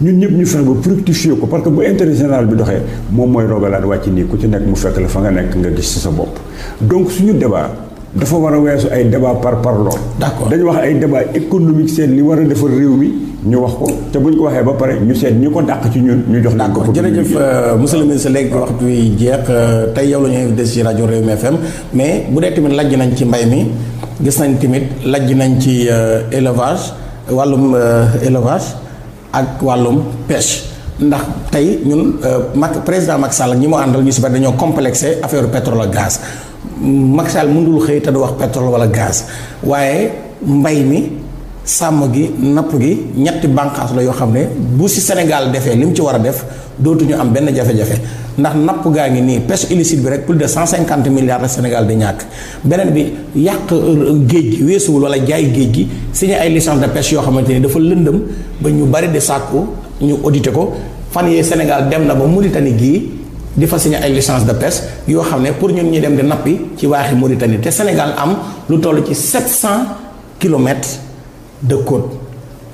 ñun ñëpp ñu fexe ba fructifier ko parce que bu intérêt général bi doxee moom mooy rogalaat wàcc nii ku ci nekk mu fekk la fa nga nekk nga gis ci sa bopp donc suñu débat dafa war a weesu ay débat par parloo d'accord dañu wax ay débat économique seen li war a defar réew mi ñu wax ko te buñ ko waxee ba pare ñu seet ñi ko dàq ci ñun ñu jox leen ko. jërëjëf euh, monsieur le ministre léegi wax duy jeex euh, tey yow la ñu invité si rajo Rewmi FM mais bu dee tamit lajj nañ ci mbay mi gis nañ tamit lajj nañ ci euh, élevage wàllum élevage ak wàllum pêche. ndax tey ñun Mac président Macky ñi mu àndal ñu si bari dañoo complexé affaire pétrole ak gaz Macky Sall mënul xëy te du wax pétrole wala gaas waaye mbay mi. sàmm gi napp gi ñetti bànqaas la yoo xam ne bu si Sénégal defee li mu ci war a def dootuñu am benn jafe-jafe ndax napp gaa ngi nii pêche illicite bi rek plus de 150 milliards la Sénégal di ñàkk beneen bi yàq euh, géej gi weesuwul wala jaay géej gi signé ay licence de pêche yoo xamante ni dafa lëndëm ba ñu bari di sàkku ñu audité ko fan yee Sénégal dem na ba Mauritanie gii di fa signé ay licence de pêche yoo xam ne pour ñun ñu dem di nappi ci waaxi Mauritanie te Sénégal am lu toll ci 700 kilomètres de code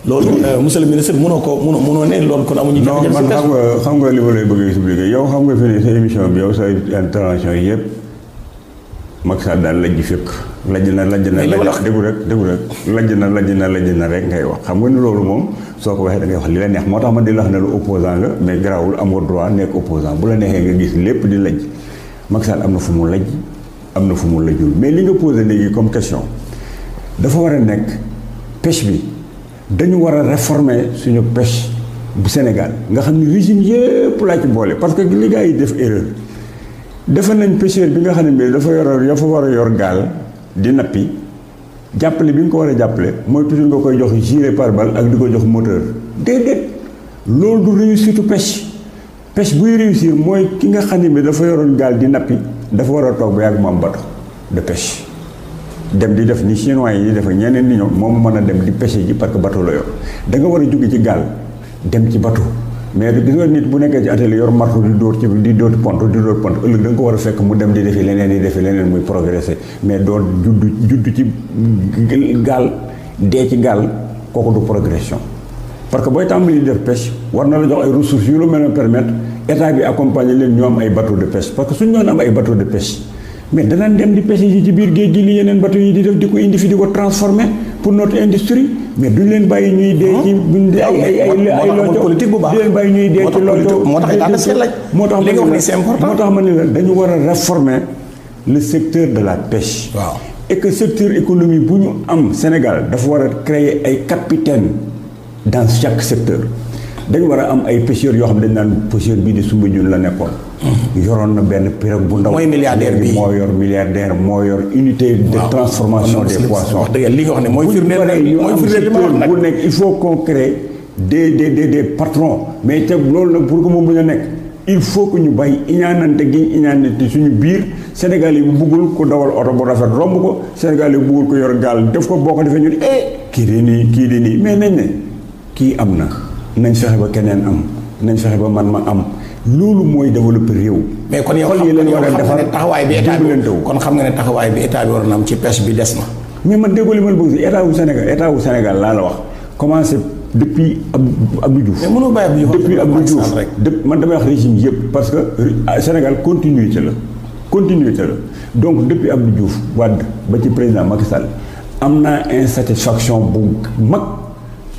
loolu euh, monsieur le ministre mënoo ko mënoo mënoo ne loolu kon amuñu. non man xam nga xam nga li yow xam nga fi ne sa émission bi yow sa intervention yi yëpp Macky Sall daal lajj fekk. lajj na lajj na lajj déggu rek déggu rek lajj na lajj na lajj na rek ngay wax xam nga ni loolu moom soo ko waxee da wax li la neex moo tax ma di la na ne lu opposant nga mais garaawul amoo droit nekk opposant bu la neexee nga gis lépp di lajj Macky Sall am na fu mu lajj am na fu mu lajjul mais li nga posé léegi comme question dafa war a nekk. pêche bi dañu war a réformer suñu pêche bu Sénégal nga xam ne régime yëpp laa ci boole parce que li gars yi def erreur defe nañ pêcheur bi nga xam ne bii dafa yor dafa war a yor gaal di nappi jàppale bi nga ko war a jàppale mooy toujours nga koy jox gilet pare-balles ak di ko jox moteur déedéet loolu du réussite pêche pêche buy réussir mooy ki nga xam ne bi dafa yoroon gaal di nappi dafa war a toog ba yàgg mu am bateau de pêche dem di def ni chinois yi di def ñeneen ni ñoom moom mën a dem di pêche ji parce que bateau la yor da war a jóge ci gaal dem ci bateau mais gis nit bu nekkee ci atelier yor marto di dóor ci di dóor pont di dóor pont ëllëg da ko war a fekk mu dem di defi leneen di defi leneen muy progresser mais doo juddu juddu ci gaal dee ci gaal kooku du progression. parce que booy tàmbali di def pêche war na la jox ay ressources yu la mën a permettre bi accompagner leen ñu am ay bateau de pêche que suñu doon am ay bateau de mais danañ dem di pêche yi ci biir géej gi li yeneen bateau yi di def di ko indi fi di ko transformer pour notre industrie mais duñ leen bàyyi ñuy dee ci ah. buñ ay ay ay loo politique bu baax duñ leen moo tax moo tax li nga wax ni c'est moo tax ma ne la dañu war a réformer le secteur de la pêche waaw et que secteur bu ñu am Sénégal dafa war a créer ay capitaine dans chaque secteur dañu war a am ay pêcheurs yoo xam ne dañ naan pêcheur bii de Soumbédioune la nekkoon yoroon na benn pirogue bu ndaw. mooy milliardaire bi moo yor milliardaire moo yor unité. de transformation des poissons. li nga wax ne mooy firndeel li mooy firndeel li ma wax nag bu nekk il faut qu'on crée des des des mais teg loolu nag pour que moom bu ñu nekk. il faut que ñu bay iñaanante gi ñu iñaanante suñu biir Sénégal yi bu buggul ko dawal oto bu rafet romb ko Sénégal yi buggul ko yor gaal def ko boo ko defee ñu ne eh, kii di nii kii di nii mais nañ ne kii am na nañ fexe ba keneen am nañ fexe ba man ma am loolu mooy développer réew. mais kon yow xam nga ne taxawaay bi leen bi kon xam nga ne taxawaay bi état bi war na am ci pêche bi des ma mais man déggoo li ma la bëgg état wu Sénégal état wu Sénégal laa la wax commencé depuis Abdou Diouf. mais mënoo bàyyi Abdou Diouf depuis Abdou Diouf dëpp man damay wax régime yëpp parce que ah, Sénégal continuité la continuité la donc depuis Abdou Diouf Wade ba ci président Macky Sall am naa insatisfaction bu mag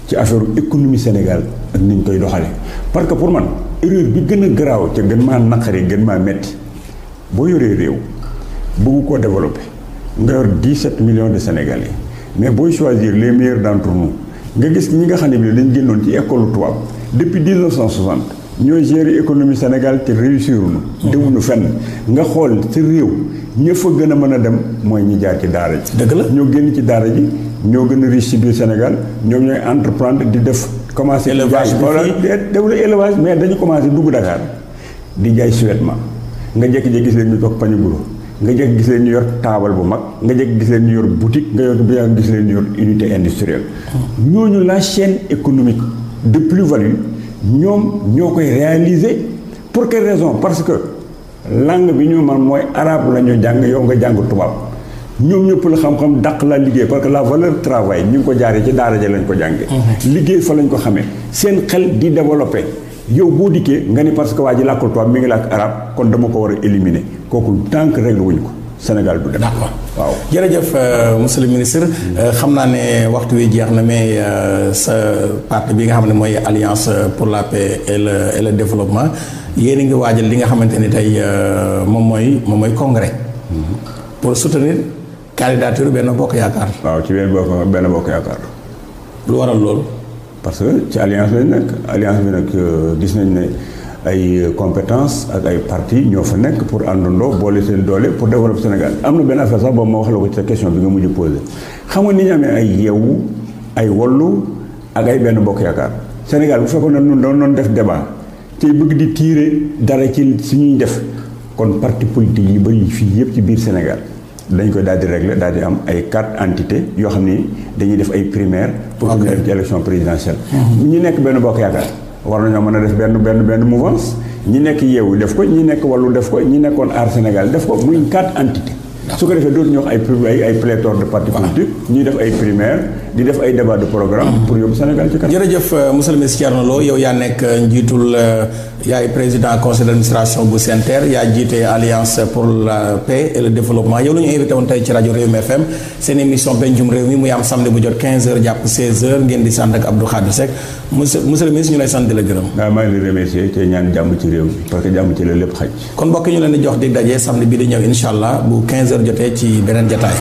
ci affaire économie Sénégal ak ni koy doxale parce que pour man. erreur bi gën a garaaw ca gën maa naqari gën maa metti boo yoree réew bëgg koo développé nga yor 17 million de sénégalais mais booy choisir les meilleurs d'entre nous nga gis ñi nga xam ne bi dañ génnoon ci école tubaab depuis 1960 ñooy gérer économie Sénégal te réussir nu dewuñu fenn nga xool ci réew ña fa gën a mën a dem mooy ñi jaar ci daara ji. dëgg la ñoo génn ci daara ji ñoo gën a riche ci biir Sénégal ñoom ñooy entreprendre di def. commencé élevage bi élevage mais dañu commencé dugg Dakar di jaay suwetma nga jékki-jékki gis leen ñu toog pañu buro nga jékki gis ñu yor taabal bu mag nga jékki gis leen ñu yor boutique nga yor gis leen ñu yor unité industrielle. ñooñu la chaîne économique de plus-value ñoom ñoo koy réaliser pour quelle raison parce que langue bi ñu man mooy arabe la ñu jàng yow nga jàng tubaab. ñoom ñëpp la xam-xam dàq la liggéey parce que la valeur travail ñu ngi ko jaaree ci daara ja lañ ko jàngee. Mhm. liggéey fa lañ ko xamee. seen xel di développé yow boo dikkee nga ni parce que waa ji làkkul tubaab mi ngi làkk arab kon dama ko war a éliminer kooku tant que réglé wuñ ko. Sénégal du dem d'accord waaw jërëjëf euh, monsieur le ministre mm. euh, xam naa ne waxtu wi jeex na mais euh, sa parti bi nga xam ne mooy alliance pour la paix et le développement yéen a ngi waajal li nga xamante ni tey moom mooy moom mooy congrès mm-hmm. candidature benn bokk yaakaar. waaw ci benn bokk benn bokk lu waral loolu. parce que ci alliance lañ nekk alliance bi nag euh, gis nañ ne ay euh, compétence ak ay parti ñoo fa nekk pour àndandoo boole seen doole pour développer Sénégal am na benn affaire sax boobu ma wax la ko ci sa question bi nga mujj posé xam nga ni ñu amee ay yeewu ay wallu ak ay benn bokk yaakaar Sénégal bu fekkoon ne ñun doon noon def débat te bëgg di tiire dara ci suñuy def kon parti politique yi bëri fii yëpp ci biir Sénégal. dañ koy daal di régler daal di am ay quatre entité yoo xam ni dañuy def ay primaires. pour ñu def ci élection présidentielle. Mhm. ñi nekk benn bokk yaakaar war nañoo mën a def benn benn benn mouvance ñi nekk yeewu def ko ñi nekk wallu def ko ñi nekkoon aar Sénégal def ko muy quatre entités. su ko defee dootuñu wax ay ay pléthore de partis politiques ñuy def ay primaires. di def ay débat de programme. Mm-hmm. pour yóbbu Sénégal ci kanam. jërëjëf euh, monsieur le ministre Thierno Lo yow yaa nekk euh, njiitul euh, yaay président conseil d' administration bu CNTR yaa jiite alliance pour la paix et le développement yow la ñu invité woon tey ci rajo Rewmi FM seen émission pencum réew mi muy am samedi bu jot 15h jàpp 16h ngeen di sant ak Abdou Khadre Seck monsieur ñu lay sant di la gërëm. waaw ah, maa ngi remercier te ñaan jàmm ci réew mi parce que jàmm ci la lépp jox di daje samedi bi di ñëw incha allah bu jotee ci beneen jataay.